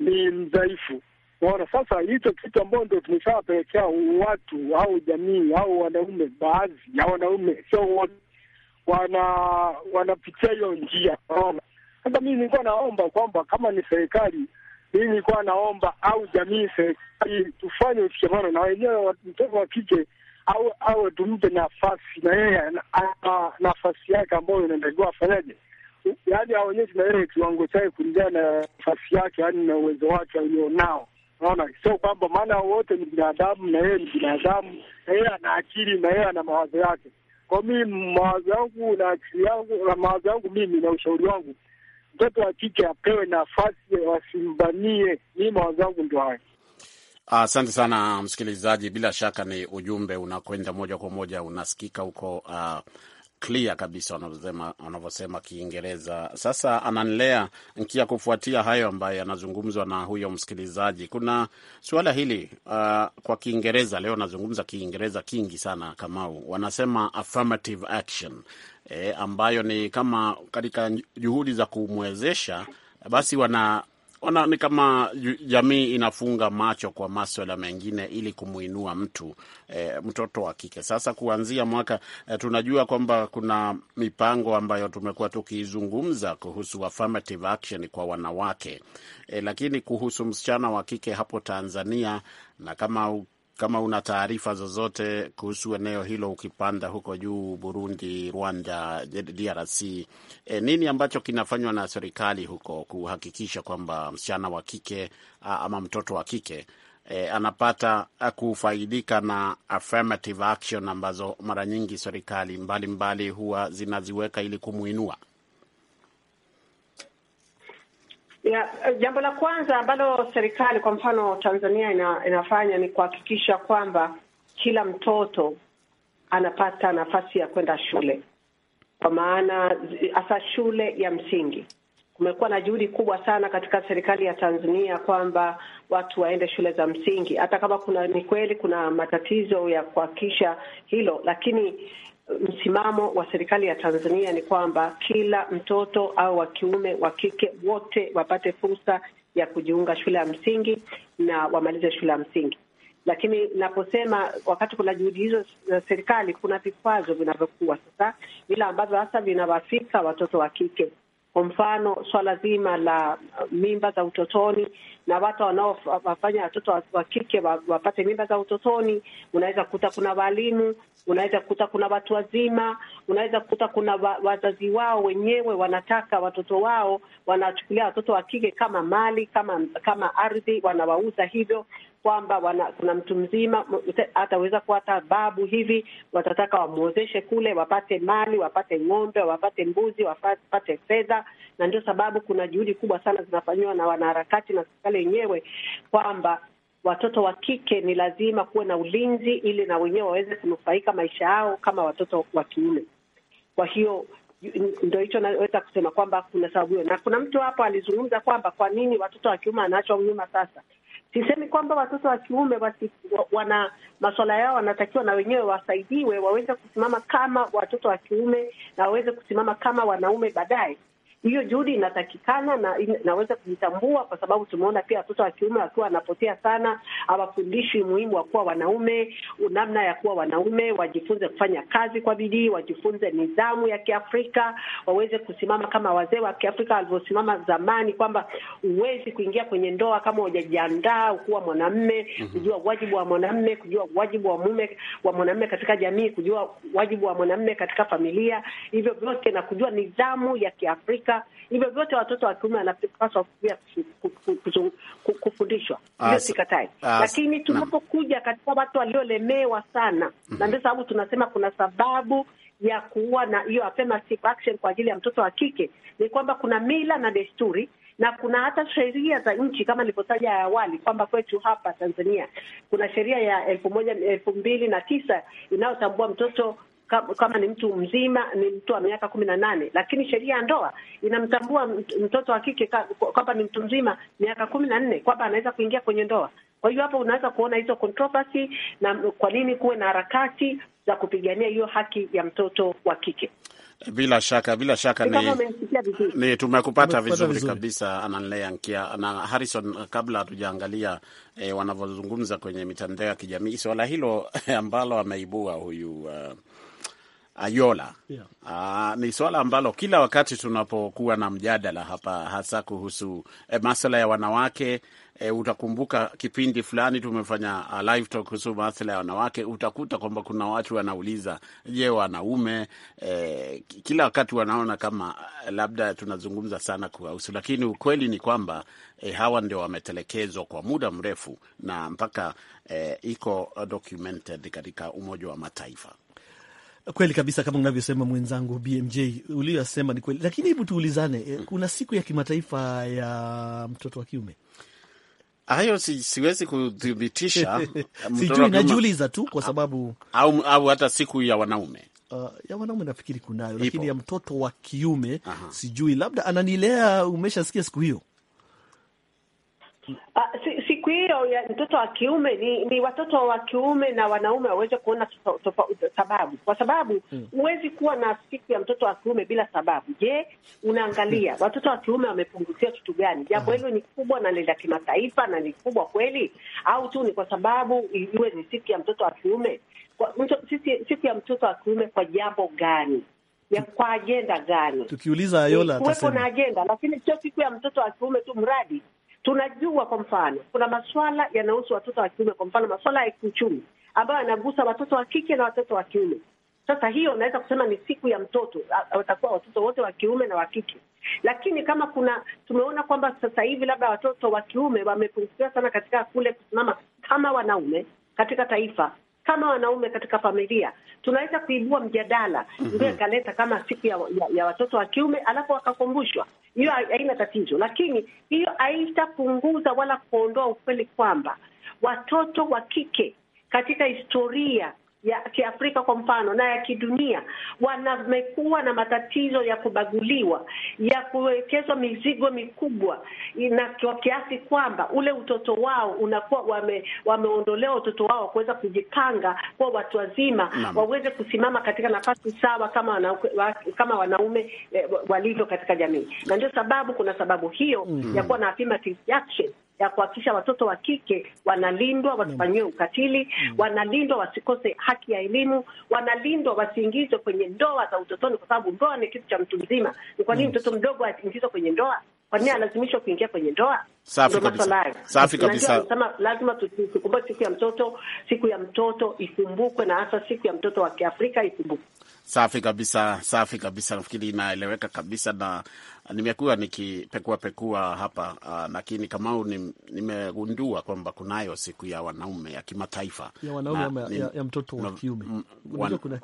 ni mdhaifu Naona sasa hicho kitu ambao ndo tumeshawapelekea watu au jamii au wanaume, baadhi ya wanaume sio wote, wana wanapitia hiyo njia. Naona sasa, mimi nilikuwa naomba kwamba kama ni serikali, mimi nilikuwa naomba au jamii, serikali tufanye ushikamano na wenyewe, mtoto wa kike au awe tumpe nafasi na yeye na, nafasi yake ambayo inatakiwa afanyaje, yaani aonyeshe na yeye kiwango chake kulingana na nafasi yake, yaani na uwezo wake alionao. Unaona, sio kwamba, maana wote ni binadamu, na yeye ni binadamu, na yeye ana akili, na yeye ana mawazo yake. Kwa mi mawazo yangu na akili yangu na mawazo yangu mimi na ushauri wangu, mtoto wa kike apewe nafasi, wasimbanie. Mimi mawazo yangu ndio hayo. Asante uh, sana msikilizaji. Bila shaka ni ujumbe unakwenda moja kwa moja, unasikika huko uh, clear kabisa wanavyosema Kiingereza. Sasa ananlea nkia, kufuatia hayo ambayo yanazungumzwa na huyo msikilizaji, kuna suala hili uh, kwa Kiingereza leo anazungumza Kiingereza kingi sana Kamau, wanasema affirmative action eh, ambayo ni kama katika juhudi za kumwezesha basi wana ona ni kama jamii inafunga macho kwa maswala mengine ili kumuinua mtu e, mtoto wa kike. Sasa kuanzia mwaka e, tunajua kwamba kuna mipango ambayo tumekuwa tukiizungumza kuhusu affirmative action kwa wanawake e, lakini kuhusu msichana wa kike hapo Tanzania na kama kama una taarifa zozote kuhusu eneo hilo, ukipanda huko juu, Burundi, Rwanda, DRC, e, eh, nini ambacho kinafanywa na serikali huko kuhakikisha kwamba msichana wa kike ama mtoto wa kike e, anapata kufaidika na affirmative action ambazo mara nyingi serikali mbalimbali mbali huwa zinaziweka ili kumwinua? ya, eh, jambo la kwanza ambalo serikali kwa mfano Tanzania ina, inafanya ni kuhakikisha kwamba kila mtoto anapata nafasi ya kwenda shule, kwa maana hasa shule ya msingi. Kumekuwa na juhudi kubwa sana katika serikali ya Tanzania kwamba watu waende shule za msingi, hata kama kuna ni kweli kuna matatizo ya kuhakikisha hilo, lakini msimamo wa serikali ya Tanzania ni kwamba kila mtoto au wa kiume, wa kike, wote wapate fursa ya kujiunga shule ya msingi na wamalize shule ya msingi. Lakini naposema wakati kuna juhudi hizo za serikali, kuna vikwazo vinavyokuwa sasa, vile ambavyo hasa vinawafika watoto wa kike kwa mfano swala zima la mimba za utotoni na watu wanaofanya watoto wa kike wapate mimba za utotoni, unaweza kukuta kuna walimu, unaweza kukuta kuna watu wazima, unaweza kukuta kuna wazazi wao wenyewe wanataka watoto wao, wanachukulia watoto wa kike kama mali, kama kama ardhi, wanawauza hivyo kwamba kuna mtu mzima ataweza kuwa hata babu hivi, watataka wamwozeshe kule, wapate mali, wapate ng'ombe, wapate mbuzi, wapate fedha. Na ndio sababu kuna juhudi kubwa sana zinafanyiwa na wanaharakati na serikali yenyewe kwamba watoto wa kike ni lazima kuwe na ulinzi, ili na wenyewe waweze kunufaika maisha yao kama watoto wa kiume. Kwa hiyo ndo hicho naweza kusema kwamba kuna sababu hiyo, na kuna mtu hapo alizungumza kwamba kwa nini watoto wa kiume anaachwa nyuma sasa Sisemi kwamba watoto wa kiume wasi, wana masuala yao wanatakiwa na wenyewe wasaidiwe waweze kusimama kama watoto wa kiume na waweze kusimama kama wanaume baadaye, hiyo juhudi inatakikana na inaweza kujitambua, kwa sababu tumeona pia watoto wa kiume wakiwa wanapotea sana, hawafundishwi muhimu wa kuwa wanaume, namna ya kuwa wanaume, wajifunze kufanya kazi kwa bidii, wajifunze nidhamu ya Kiafrika, waweze kusimama kama wazee wa Kiafrika walivyosimama zamani, kwamba huwezi kuingia kwenye ndoa kama hujajiandaa kuwa mwanamme, mhm. kujua wajibu wa mwanamme, kujua wajibu wa mume wa mwanamme katika jamii, kujua wajibu wa mwanamme katika familia, hivyo vyote na kujua nidhamu ya Kiafrika kupika, hivyo vyote watoto wa kiume wanapaswa pia kufundishwa, hiyo sikatai. Lakini tunapokuja katika watu waliolemewa sana, na mhm. ndio sababu tunasema kuna sababu ya kuwa na hiyo affirmative action kwa ajili ya mtoto wa kike, ni kwamba kuna mila na desturi na kuna hata sheria za nchi kama nilivyotaja awali kwamba kwetu hapa Tanzania kuna sheria ya elfu moja elfu mbili na tisa inayotambua mtoto kama ni mtu mzima, ni mtu wa miaka kumi na nane, lakini sheria ya ndoa inamtambua mtoto wa kike kwamba ni mtu mzima miaka kumi na nne, kwamba anaweza kuingia kwenye ndoa. Kwa hiyo hapo unaweza kuona hizo controversy na kwa nini kuwe na harakati za kupigania hiyo haki ya mtoto wa kike. Bila shaka bila shaka ni, ni tumekupata vizuri, vizuri kabisa Ananlea Nkia na Harrison. Kabla hatujaangalia eh, wanavyozungumza kwenye mitandao ya kijamii swala hilo ambalo ameibua huyu uh, Ayola yeah. Aa, ah, ni suala ambalo kila wakati tunapokuwa na mjadala hapa hasa kuhusu e, eh, masuala ya wanawake e, utakumbuka kipindi fulani tumefanya ah, live talk kuhusu masuala ya wanawake, utakuta kwamba kuna watu wanauliza, je, wanaume e, kila wakati wanaona kama labda tunazungumza sana kuhusu, lakini ukweli ni kwamba e, hawa ndio wametelekezwa kwa muda mrefu na mpaka e, iko documented katika Umoja wa Mataifa. Kweli kabisa kama unavyosema mwenzangu BMJ uliyosema ni kweli, lakini hebu tuulizane, eh, mm. kuna siku ya kimataifa ya mtoto wa kiume? Hayo si, siwezi kuthibitisha sijui, najiuliza tu kwa sababu au, au hata siku ya wanaume Uh, ya wanaume nafikiri kunayo, lakini ya mtoto wa kiume sijui, labda ananilea. Umeshasikia siku hiyo? Uh, si, hiyo ya mtoto wa kiume ni, ni watoto wa kiume na wanaume waweze kuona sababu, kwa sababu hmm. huwezi hmm, kuwa na siku ya mtoto wa kiume bila sababu. Je, unaangalia hmm, watoto wa kiume wamepunguzia kitu gani? Jambo hmm. hilo ni kubwa na ni la kimataifa na ni kubwa kweli, au tu ni kwa sababu iwe ni siku ya mtoto wa kiume? Siku ya mtoto wa kiume kwa jambo gani ya kwa ajenda gani? Tukiuliza Ayola, kuwepo na ajenda, lakini sio siku ya mtoto wa kiume tu mradi Tunajua kwa mfano kuna maswala yanahusu watoto wa kiume, kwa mfano maswala ya kiuchumi ambayo yanagusa watoto wa kike na watoto wa kiume. Sasa hiyo naweza kusema ni siku ya mtoto, watakuwa watoto wote wa kiume na wa kike. Lakini kama kuna tumeona kwamba sasa hivi labda watoto wa kiume wamepungukiwa sana katika kule kusimama kama wanaume katika taifa, kama wanaume katika familia tunaweza kuibua mjadala mm -hmm. ndio ikaleta kama siku ya, ya, ya watoto wa kiume alafu wakakumbushwa. Hiyo haina tatizo, lakini hiyo haitapunguza wala kuondoa ukweli kwamba watoto wa kike katika historia ya Kiafrika kwa mfano na ya kidunia wamekuwa na matatizo ya kubaguliwa, ya kuwekezwa mizigo mikubwa, na kwa kiasi kwamba ule utoto wao unakuwa wame, wameondolewa utoto wao kuweza kujipanga kuwa watu wazima waweze kusimama katika nafasi sawa kama wana, kama wanaume eh, walivyo katika jamii, na ndio sababu kuna sababu hiyo mm. ya kuwa na affirmative action ya kuhakikisha watoto wa kike wanalindwa wasifanyiwe ukatili, mm. wanalindwa wasikose haki ya elimu, wanalindwa wasiingizwe kwenye ndoa za utotoni, kwa sababu ndoa ni kitu cha mtu mzima. Ni kwa nini mtoto mdogo aingizwe kwenye ndoa? Kwa nini analazimishwa kuingia kwenye ndoa? Safi kabisa, safi kabisa. Sema lazima tukumbuke siku ya mtoto, siku ya mtoto ikumbukwe, na hasa siku ya mtoto wa Kiafrika ikumbukwe. Safi kabisa, safi kabisa. Nafikiri inaeleweka kabisa, na nimekuwa nikipekua pekua hapa, ah, lakini Kamau, nimegundua kwamba kunayo siku ya wanaume ya kimataifa ya wanaume ya, ya mtoto wa kiume kuna...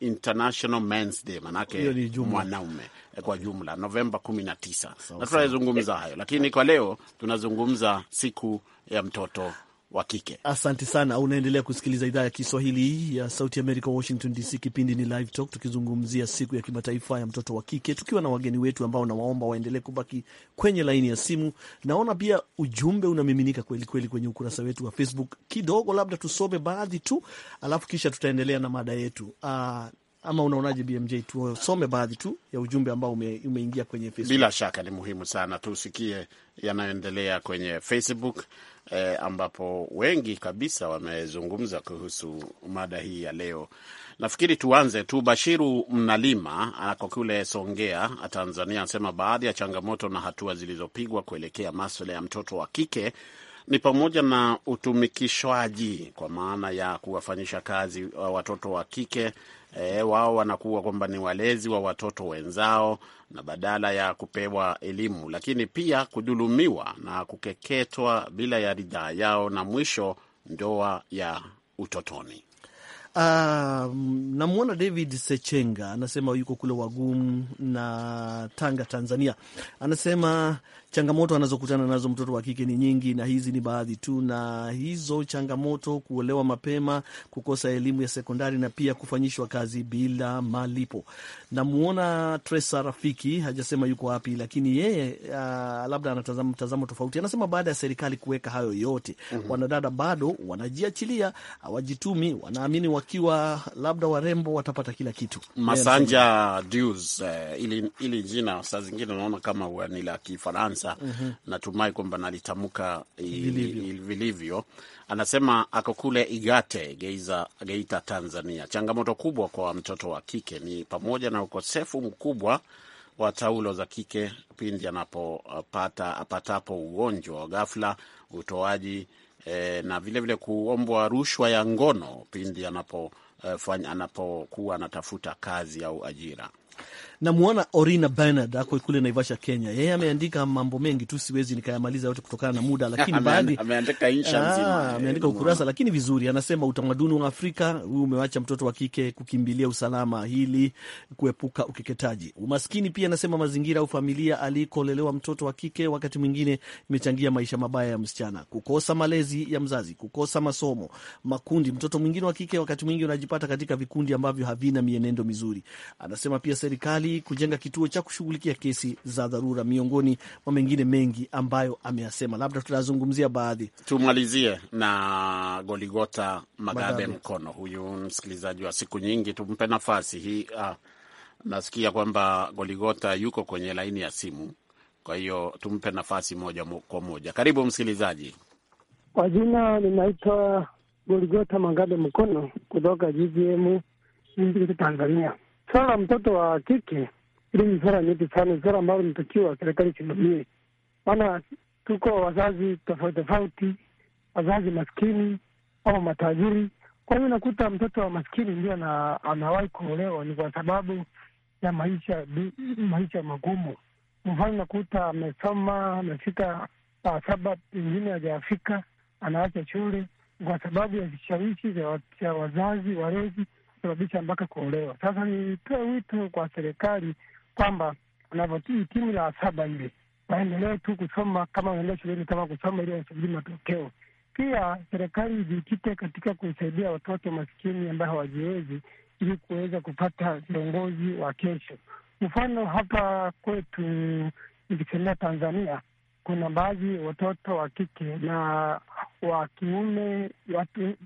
International Men's Day manake mwanaume eh, kwa jumla Novemba kumi na tisa, na tutazungumza hayo, lakini kwa leo tunazungumza siku ya mtoto wa kike. Asante sana. Unaendelea kusikiliza idhaa ya Kiswahili ya Sauti Amerika, Washington DC. Kipindi ni Live Talk, tukizungumzia siku ya kimataifa ya mtoto wa kike, tukiwa na wageni wetu ambao nawaomba waendelee kubaki kwenye laini ya simu. Naona pia ujumbe unamiminika kweli kweli kwenye ukurasa wetu wa Facebook. Kidogo labda tusome baadhi tu, alafu kisha tutaendelea na mada yetu. Uh, ama unaonaje BMJ? Tusome baadhi tu ya ujumbe ambao umeingia kwenye Facebook. Bila shaka ni muhimu sana tusikie yanayoendelea kwenye Facebook eh, ambapo wengi kabisa wamezungumza kuhusu mada hii ya leo. Nafikiri tuanze tu. Bashiru Mnalima ako kule Songea, Tanzania, anasema baadhi ya changamoto na hatua zilizopigwa kuelekea maswala ya mtoto wa kike ni pamoja na utumikishwaji kwa maana ya kuwafanyisha kazi uh, watoto wa kike e, wao wanakuwa kwamba ni walezi wa watoto wenzao na badala ya kupewa elimu, lakini pia kudhulumiwa na kukeketwa bila ya ridhaa yao, na mwisho ndoa ya utotoni. Uh, um, namwona David Sechenga anasema yuko kule wagumu na Tanga, Tanzania. Anasema changamoto anazokutana nazo mtoto wa kike ni nyingi, na hizi ni baadhi tu, na hizo changamoto: kuolewa mapema, kukosa elimu ya sekondari, na pia kufanyishwa kazi bila malipo. Namwona Tresa Rafiki, hajasema yuko wapi, lakini yeye uh, labda anatazama mtazamo tofauti. Anasema baada ya serikali kuweka hayo yote, mm -hmm. wanadada bado wanajiachilia, hawajitumi, wanaamini wa wakiwa labda warembo watapata kila kitu. Masanja Dues, eh, ili, ili jina saa zingine unaona kama ni la Kifaransa mm -hmm. Natumai kwamba nalitamka eh, vilivyo. Anasema ako kule Igate, Geiza, Geita, Tanzania. Changamoto kubwa kwa mtoto wa kike ni pamoja na ukosefu mkubwa wa taulo za kike pindi anapopata apatapo ugonjwa wa ghafla, utoaji e, na vilevile vile kuombwa rushwa ya ngono pindi e, anapokuwa anapo anatafuta kazi au ajira. Namwona Orina Bernard ako kule Naivasha, Kenya. Yeye ameandika mambo mengi tu, siwezi nikayamaliza yote kutokana na muda, lakini baadhi ameandika insha ah, nzima, ameandika ukurasa, lakini vizuri. Anasema utamaduni wa Afrika huu umewacha mtoto wa kike kukimbilia usalama, hili kuepuka ukeketaji. Umaskini pia anasema mazingira au familia alikolelewa mtoto wa kike wakati mwingine imechangia maisha mabaya ya msichana, kukosa malezi ya mzazi, kukosa masomo, makundi. Mtoto mwingine wa kike wakati mwingine unajipata katika vikundi ambavyo havina mienendo mizuri. Anasema pia serikali serikali kujenga kituo cha kushughulikia kesi za dharura, miongoni mwa mengine mengi ambayo ameyasema. Labda tutazungumzia baadhi. Tumalizie na Goligota Magabe Mkono, huyu msikilizaji wa siku nyingi, tumpe nafasi hii. Ah, nasikia kwamba Goligota yuko kwenye laini ya simu, kwa hiyo tumpe nafasi moja kwa moja. Karibu msikilizaji. Kwa jina ninaitwa Goligota Magabe Mkono kutoka GGM Tanzania swala mtoto wa kike, hili ni swala nyeti sana, swala ambalo nitakiwa serikali isimamie, maana tuko wazazi tofauti tofauti, wazazi maskini au matajiri. Kwa hiyo nakuta mtoto wa maskini ndio anawahi kuolewa, ni kwa sababu ya maisha maisha magumu. Mfano, nakuta amesoma amefika saa saba, pengine hajafika, anaacha shule kwa sababu ya vishawishi vya wazazi walezi kusababisha mpaka kuolewa. Sasa nitoe wito kwa serikali kwamba unavyotii timu la saba ile waendelee tu kusoma kama wanaenda shuleni kama kusoma ili wasubiri matokeo. Pia serikali ijikite katika kusaidia watoto masikini ambayo hawajiwezi ili kuweza kupata viongozi wa kesho. Mfano hapa kwetu ikisemea Tanzania, kuna baadhi watoto wa kike na wa kiume,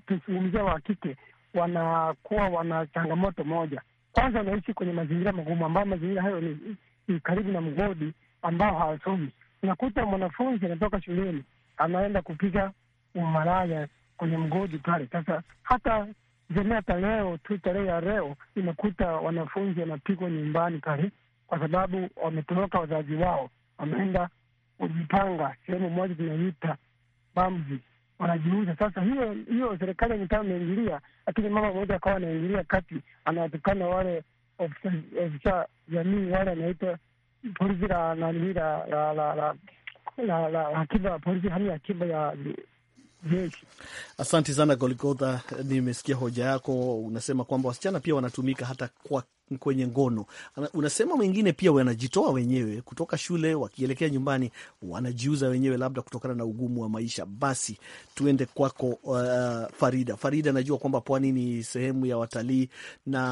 tuzungumzia wa kike wanakuwa wana changamoto moja. Kwanza wanaishi kwenye mazingira magumu, ambayo mazingira hayo ni, ni karibu na mgodi ambao hawasomi. Unakuta mwanafunzi anatoka shuleni anaenda kupiga umalaya kwenye mgodi pale. Sasa hata jamii, hata leo tu, tarehe ya leo, inakuta wanafunzi wanapigwa nyumbani pale, kwa sababu wametoroka wazazi wao, wameenda kujipanga sehemu moja tunaita Bamzi wanajiuza. Sasa hiyo hiyo serikali ya mitaa imeingilia, lakini mama mmoja akawa anaingilia kati, anawatukana wale ofisa jamii wale anaitwa polisi la nanihii la akiba polisi hani akiba ya Asante sana Goligotha, nimesikia hoja yako. Unasema kwamba wasichana pia wanatumika hata kwa kwenye ngono. Unasema wengine pia wanajitoa wenyewe kutoka shule, wakielekea nyumbani wanajiuza wenyewe, labda kutokana na ugumu wa maisha. Basi tuende kwako, uh, Farida. Farida, najua kwamba pwani ni sehemu ya watalii na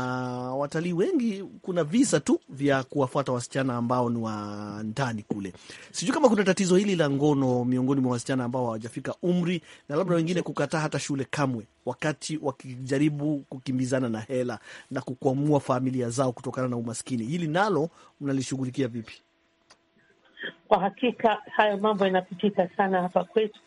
watalii wengi, kuna visa tu vya kuwafuata wasichana ambao ni wa ndani kule. Sijui kama kuna tatizo hili la ngono miongoni mwa wasichana ambao hawajafika umri na labda wengine kukataa hata shule kamwe wakati wakijaribu kukimbizana na hela na kukwamua familia zao kutokana na umaskini. Hili nalo mnalishughulikia vipi? Kwa hakika hayo mambo yanapitika sana hapa kwetu,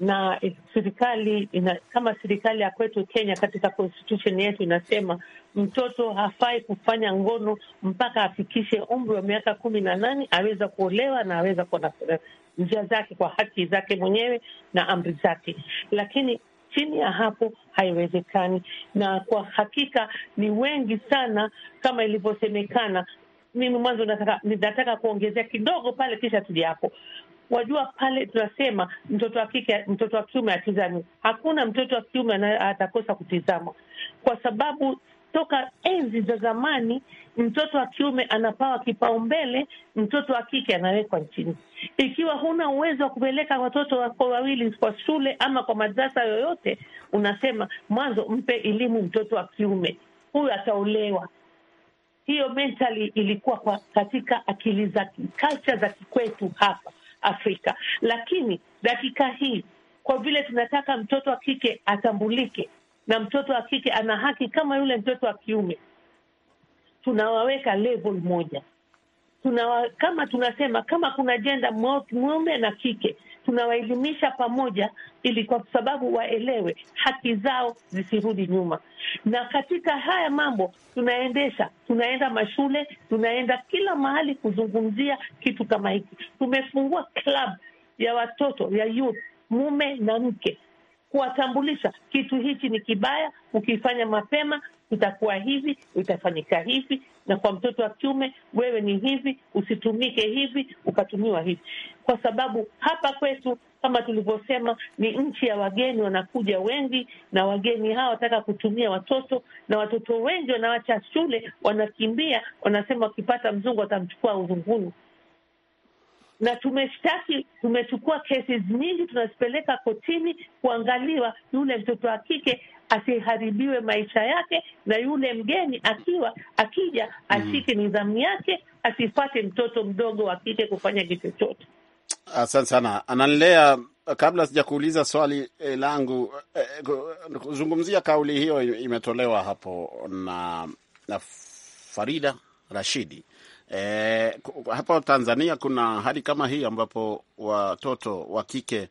na serikali ina, kama serikali ya kwetu Kenya, katika constitution yetu inasema mtoto hafai kufanya ngono mpaka afikishe umri wa miaka kumi na nane aweza kuolewa na aweza na njia zake kwa haki zake mwenyewe na amri zake, lakini Chini ya hapo haiwezekani, na kwa hakika ni wengi sana kama ilivyosemekana. Mimi mwanzo nataka ninataka kuongezea kidogo pale, kisha tuja hapo. Wajua, pale tunasema mtoto wa kike, mtoto wa kiume atizame. Hakuna mtoto wa kiume atakosa kutizama, kwa sababu toka enzi za zamani, mtoto wa kiume anapawa kipaumbele, mtoto wa kike anawekwa chini. Ikiwa huna uwezo wa kupeleka watoto wako wawili kwa shule ama kwa madrasa yoyote, unasema mwanzo mpe elimu mtoto wa kiume, huyu ataolewa. Hiyo mentali ilikuwa kwa katika akili za kalcha za kikwetu hapa Afrika, lakini dakika hii kwa vile tunataka mtoto wa kike atambulike, na mtoto wa kike ana haki kama yule mtoto wa kiume. Tunawaweka level moja. Tunawa, kama tunasema kama kuna jenda mume na kike, tunawaelimisha pamoja, ili kwa sababu waelewe haki zao zisirudi nyuma. Na katika haya mambo tunaendesha, tunaenda mashule, tunaenda kila mahali kuzungumzia kitu kama hiki. Tumefungua club ya watoto ya youth mume na mke kuwatambulisha kitu hichi ni kibaya, ukifanya mapema itakuwa hivi, itafanyika hivi, na kwa mtoto wa kiume wewe ni hivi, usitumike hivi, ukatumiwa hivi, kwa sababu hapa kwetu kama tulivyosema ni nchi ya wageni, wanakuja wengi, na wageni hawa wataka kutumia watoto, na watoto wengi wanawacha shule, wanakimbia, wanasema wakipata mzungu watamchukua uzunguni na tumeshtaki, tumechukua kesi nyingi tunazipeleka kotini kuangaliwa yule mtoto wa kike asiharibiwe maisha yake, na yule mgeni akiwa akija mm. ashike nidhamu yake, asipate mtoto mdogo wa kike kufanya kitu chochote. Asante sana ananilea Kabla sijakuuliza swali eh, langu, eh, eh, kuzungumzia kauli hiyo imetolewa hapo na, na Farida Rashidi E, eh, hapa Tanzania kuna hali kama hii ambapo watoto wa kike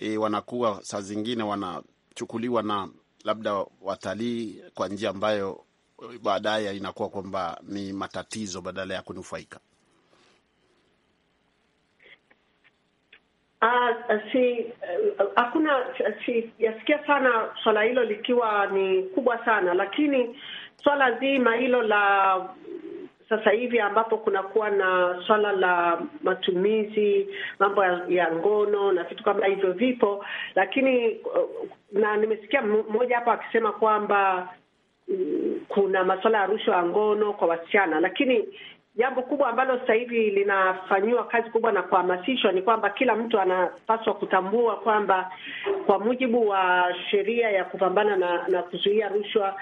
e, wanakuwa saa zingine wanachukuliwa na labda watalii kwa njia ambayo eh, baadaye inakuwa kwamba ni matatizo badala ya kunufaika. Ah, hakuna uh, sijasikia uh, sana swala hilo likiwa ni kubwa sana, lakini swala zima hilo la sasa hivi ambapo kunakuwa na swala la matumizi, mambo ya ngono na vitu kama hivyo vipo, lakini uh, na nimesikia mmoja hapo akisema kwamba mm, kuna masuala ya rushwa ya ngono kwa wasichana, lakini jambo kubwa ambalo sasa hivi linafanyiwa kazi kubwa na kuhamasishwa ni kwamba kila mtu anapaswa kutambua kwamba kwa mujibu wa sheria ya kupambana na, na kuzuia rushwa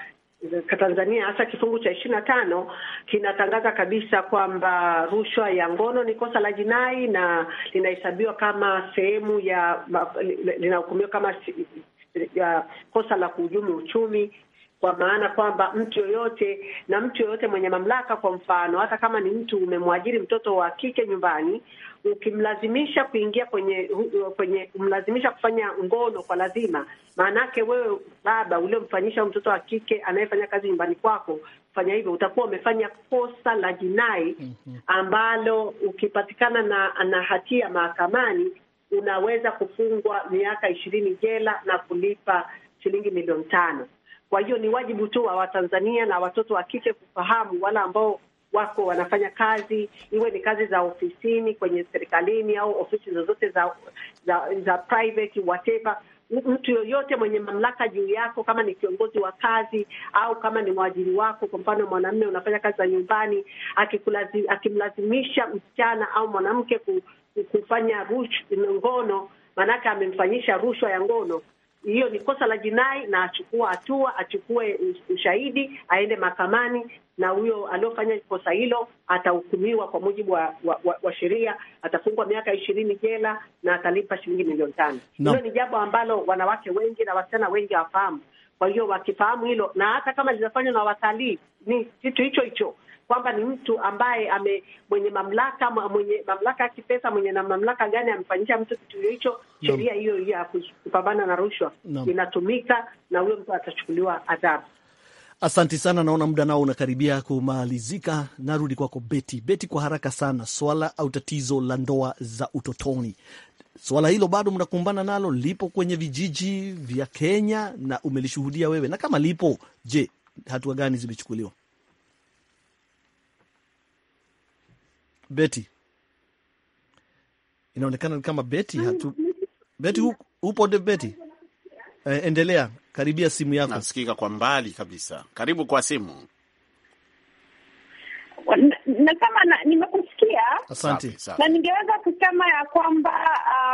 Tanzania hasa kifungu cha ishirini na tano kinatangaza kabisa kwamba rushwa ya ngono ni kosa la jinai na linahesabiwa kama sehemu ya linahukumiwa kama ya kosa la kuhujumu uchumi kwa maana kwamba mtu yoyote na mtu yoyote mwenye mamlaka, kwa mfano, hata kama ni mtu umemwajiri mtoto wa kike nyumbani, ukimlazimisha kuingia kwenye kwenye umlazimisha kufanya ngono kwa lazima, maanake wewe baba uliomfanyisha mtoto wa kike anayefanya kazi nyumbani kwako kufanya hivyo, utakuwa umefanya kosa la jinai mhm. ambalo ukipatikana na na hatia mahakamani unaweza kufungwa miaka ishirini jela na kulipa shilingi milioni tano. Kwa hiyo ni wajibu tu wa Watanzania na watoto wa kike kufahamu, wale ambao wako wanafanya kazi, iwe ni kazi za ofisini, kwenye serikalini au ofisi zozote za, za, za private whatever mtu yoyote mwenye mamlaka juu yako, kama ni kiongozi wa kazi au kama ni mwajiri wako. Kwa mfano, mwanamme unafanya kazi za nyumbani, akimlazimisha msichana au mwanamke kufanya rush, ngono, maanake amemfanyisha rushwa ya ngono hiyo ni kosa la jinai, na achukua hatua, achukue ushahidi, aende mahakamani, na huyo aliofanya kosa hilo atahukumiwa kwa mujibu wa, wa, wa, wa sheria, atafungwa miaka ishirini jela na atalipa shilingi milioni tano. Hilo no. ni jambo ambalo wanawake wengi na wasichana wengi hawafahamu. Kwa hiyo wakifahamu hilo, na hata kama linafanywa na watalii, ni kitu hicho hicho kwamba ni mtu ambaye ame mwenye mamlaka mwenye mamlaka ya kipesa mwenye na mamlaka gani amefanyisha mtu kitu hicho. Sheria hiyo hiyo ya kupambana na rushwa inatumika na huyo mtu atachukuliwa adhabu. Asanti sana, naona muda nao unakaribia kumalizika. Narudi kwako Beti. Beti, kwa haraka sana, swala au tatizo la ndoa za utotoni, swala hilo bado mnakumbana nalo? Lipo kwenye vijiji vya Kenya na umelishuhudia wewe, na kama lipo, je, hatua gani zimechukuliwa? Beti, inaonekana ni kama Beti mm. hatu Beti, upo de Beti? e, endelea, karibia simu yako. Nasikika kwa mbali kabisa, karibu kwa simu na kama nimekusikia, asante. Na ningeweza kusema ya kwamba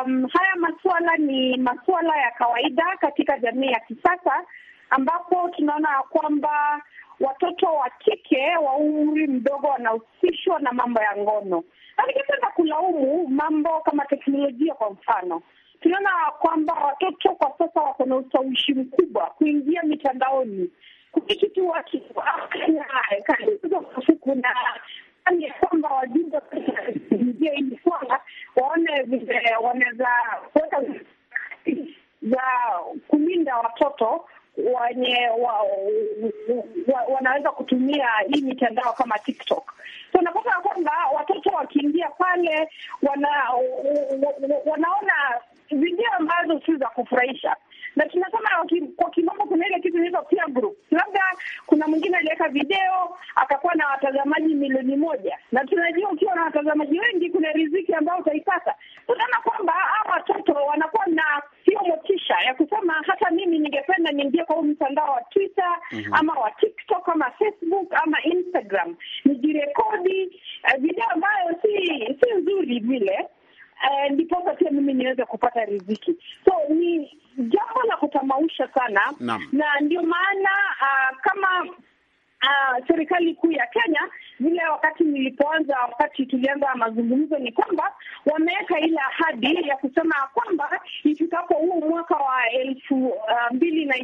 um, haya masuala ni masuala ya kawaida katika jamii ya kisasa ambapo tunaona ya kwamba watoto wa kike wa umri mdogo wanahusishwa na mambo ya ngono, na kulaumu mambo kama teknolojia. Kwa mfano, tunaona kwamba watoto kwa sasa wako na ushawishi mkubwa kuingia mitandaoni kuna yaani ya kwamba wajumbe kuingia hili swala waone vile wanaweza kuweka za kulinda watoto wenye wa, wa, wanaweza kutumia hii mitandao kama TikTok. So unapata ya kwamba watoto wakiingia pale wana, wanaona video ambazo si za kufurahisha na tunasema kwa kimombo, kuna ile kitu inaitwa peer group. Labda kuna mwingine aliweka video akakuwa na watazamaji milioni moja, na tunajua ukiwa na watazamaji wengi kuna riziki ambayo utaipata. Tunaona kwamba hawa watoto wanakuwa na hiyo motisha ya kusema hata mimi ningependa niingie kwa huu mtandao wa Twitter mm -hmm. ama wa TikTok ama Facebook ama Instagram nijirekodi uh, video ambayo si si nzuri vile Eh, ndiposa pia mimi niweze kupata riziki. So ni jambo la kutamausha sana na, na ndio maana uh, kama uh, serikali kuu ya Kenya vile wakati nilipoanza, wakati tulianza mazungumzo, ni kwamba wameweka ile ahadi ya kusema kwamba ifikapo huu mwaka wa elfu uh, mbili na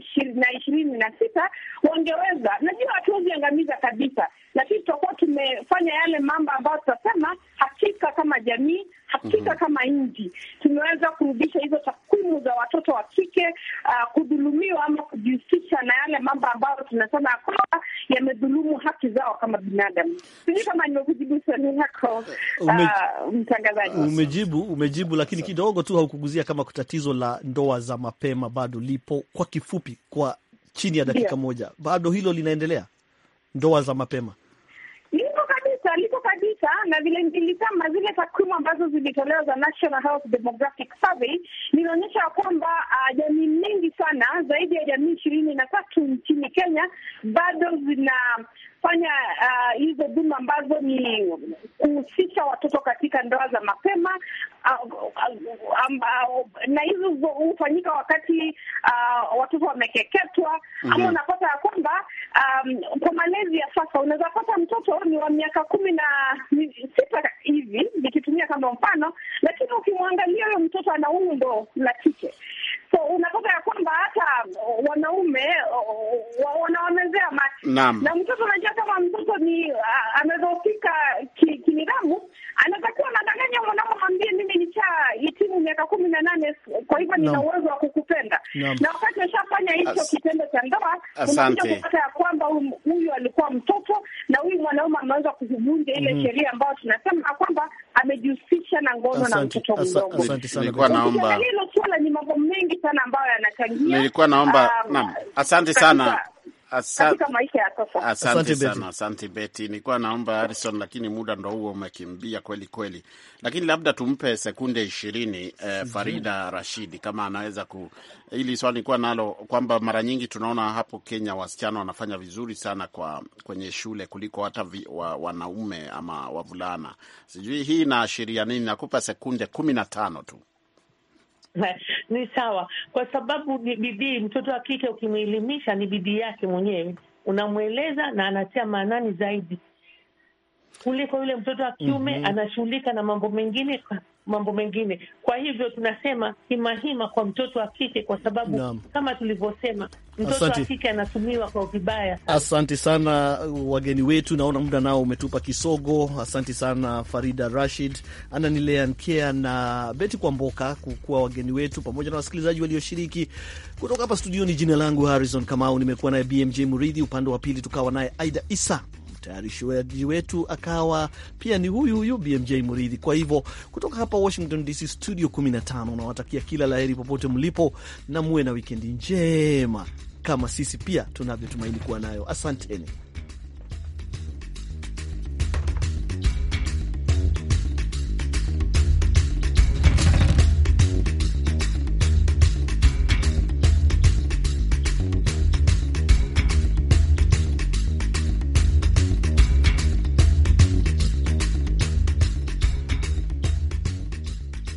ishirini na sita wangeweza. Najua hatuweziangamiza kabisa, lakini tutakuwa tumefanya yale mambo ambayo tutasema hakika kama jamii hakika mm -hmm. Kama nchi tumeweza kurudisha hizo takwimu za watoto wa kike uh, kudhulumiwa ama kujihusisha na yale mambo ambayo tunasema ya kwamba yamedhulumu haki zao kama binadamu sijui kama nimekujibu swali lako ah, mtangazaji. Umejibu, umejibu, lakini kidogo tu haukuguzia kama tatizo la ndoa za mapema bado lipo. Kwa kifupi, kwa chini ya dakika moja, bado hilo linaendelea, ndoa za mapema lipo kabisa, na vile nilisema, zile takwimu ambazo zilitolewa za National Health Demographic Survey linaonyesha kwamba uh, jamii mingi sana, zaidi ya jamii ishirini na tatu nchini Kenya bado zina kufanya uh, hizo dhuma ambazo ni kuhusisha watoto katika ndoa za mapema uh, uh um, uh, na hizo hufanyika wakati uh, watoto wamekeketwa mm -hmm. Ama mhm. unapata ya kwamba um, kwa malezi ya sasa unaweza pata mtoto ni wa miaka kumi na sita hivi nikitumia kama mfano, lakini ukimwangalia huyo mtoto ana umbo la kike. So unapata ya kwamba hata wanaume uh, wanaomezea mati na mtoto unajua kama mtoto ni amedhofika kinidhamu ki anatakiwa nadanganya mwanamo mwambie mimi hitimu miaka kumi na nane, kwa hivyo nina uwezo wa kukupenda Na wakati ashafanya hicho kitendo cha ndoa, unakuja kupata ya kwamba huyu alikuwa mtoto na huyu mwanaume ameweza kuvunja ile mhm. sheria ambayo tunasema kwamba amejihusisha na ngono na mtoto mdogo. Nilikuwa naomba, um, naam, asante sana katika maisha Asante sana, asante Beti. Nilikuwa naomba Harrison, lakini muda ndo huo umekimbia kweli kweli, lakini labda tumpe sekunde ishirini eh, mhm. Farida Rashidi kama anaweza ku hili swali nilikuwa nalo kwamba mara nyingi tunaona hapo Kenya wasichana wanafanya vizuri sana kwa kwenye shule kuliko hata vi, wa, wanaume ama wavulana. Sijui hii inaashiria nini? Nakupa sekunde kumi na tano tu. ni sawa, kwa sababu ni bidii. Mtoto wa kike ukimwelimisha, ni bidii yake mwenyewe, unamweleza na anatia maanani zaidi kuliko yule mtoto wa kiume. mm -hmm. Anashughulika na mambo mengine mambo mengine. Kwa hivyo tunasema himahima kwa mtoto wa kike, kwa sababu Naam. kama tulivyosema mtoto wa kike anatumiwa kwa vibaya. Asante sana uh, wageni wetu, naona muda nao umetupa kisogo. Asante sana Farida Rashid, Ananilea Nkea na Beti Kwamboka kukuwa wageni wetu pamoja na wasikilizaji walioshiriki kutoka hapa studioni. Jina langu Harrison Kamau, nimekuwa naye BMJ Muridhi, upande wa pili tukawa naye Aida Isa mtayarishaji wetu akawa pia ni huyu huyu BMJ Muridhi. Kwa hivyo kutoka hapa Washington DC studio 15 unawatakia kila laheri popote mlipo, na muwe na wikendi njema kama sisi pia tunavyotumaini kuwa nayo. Asanteni.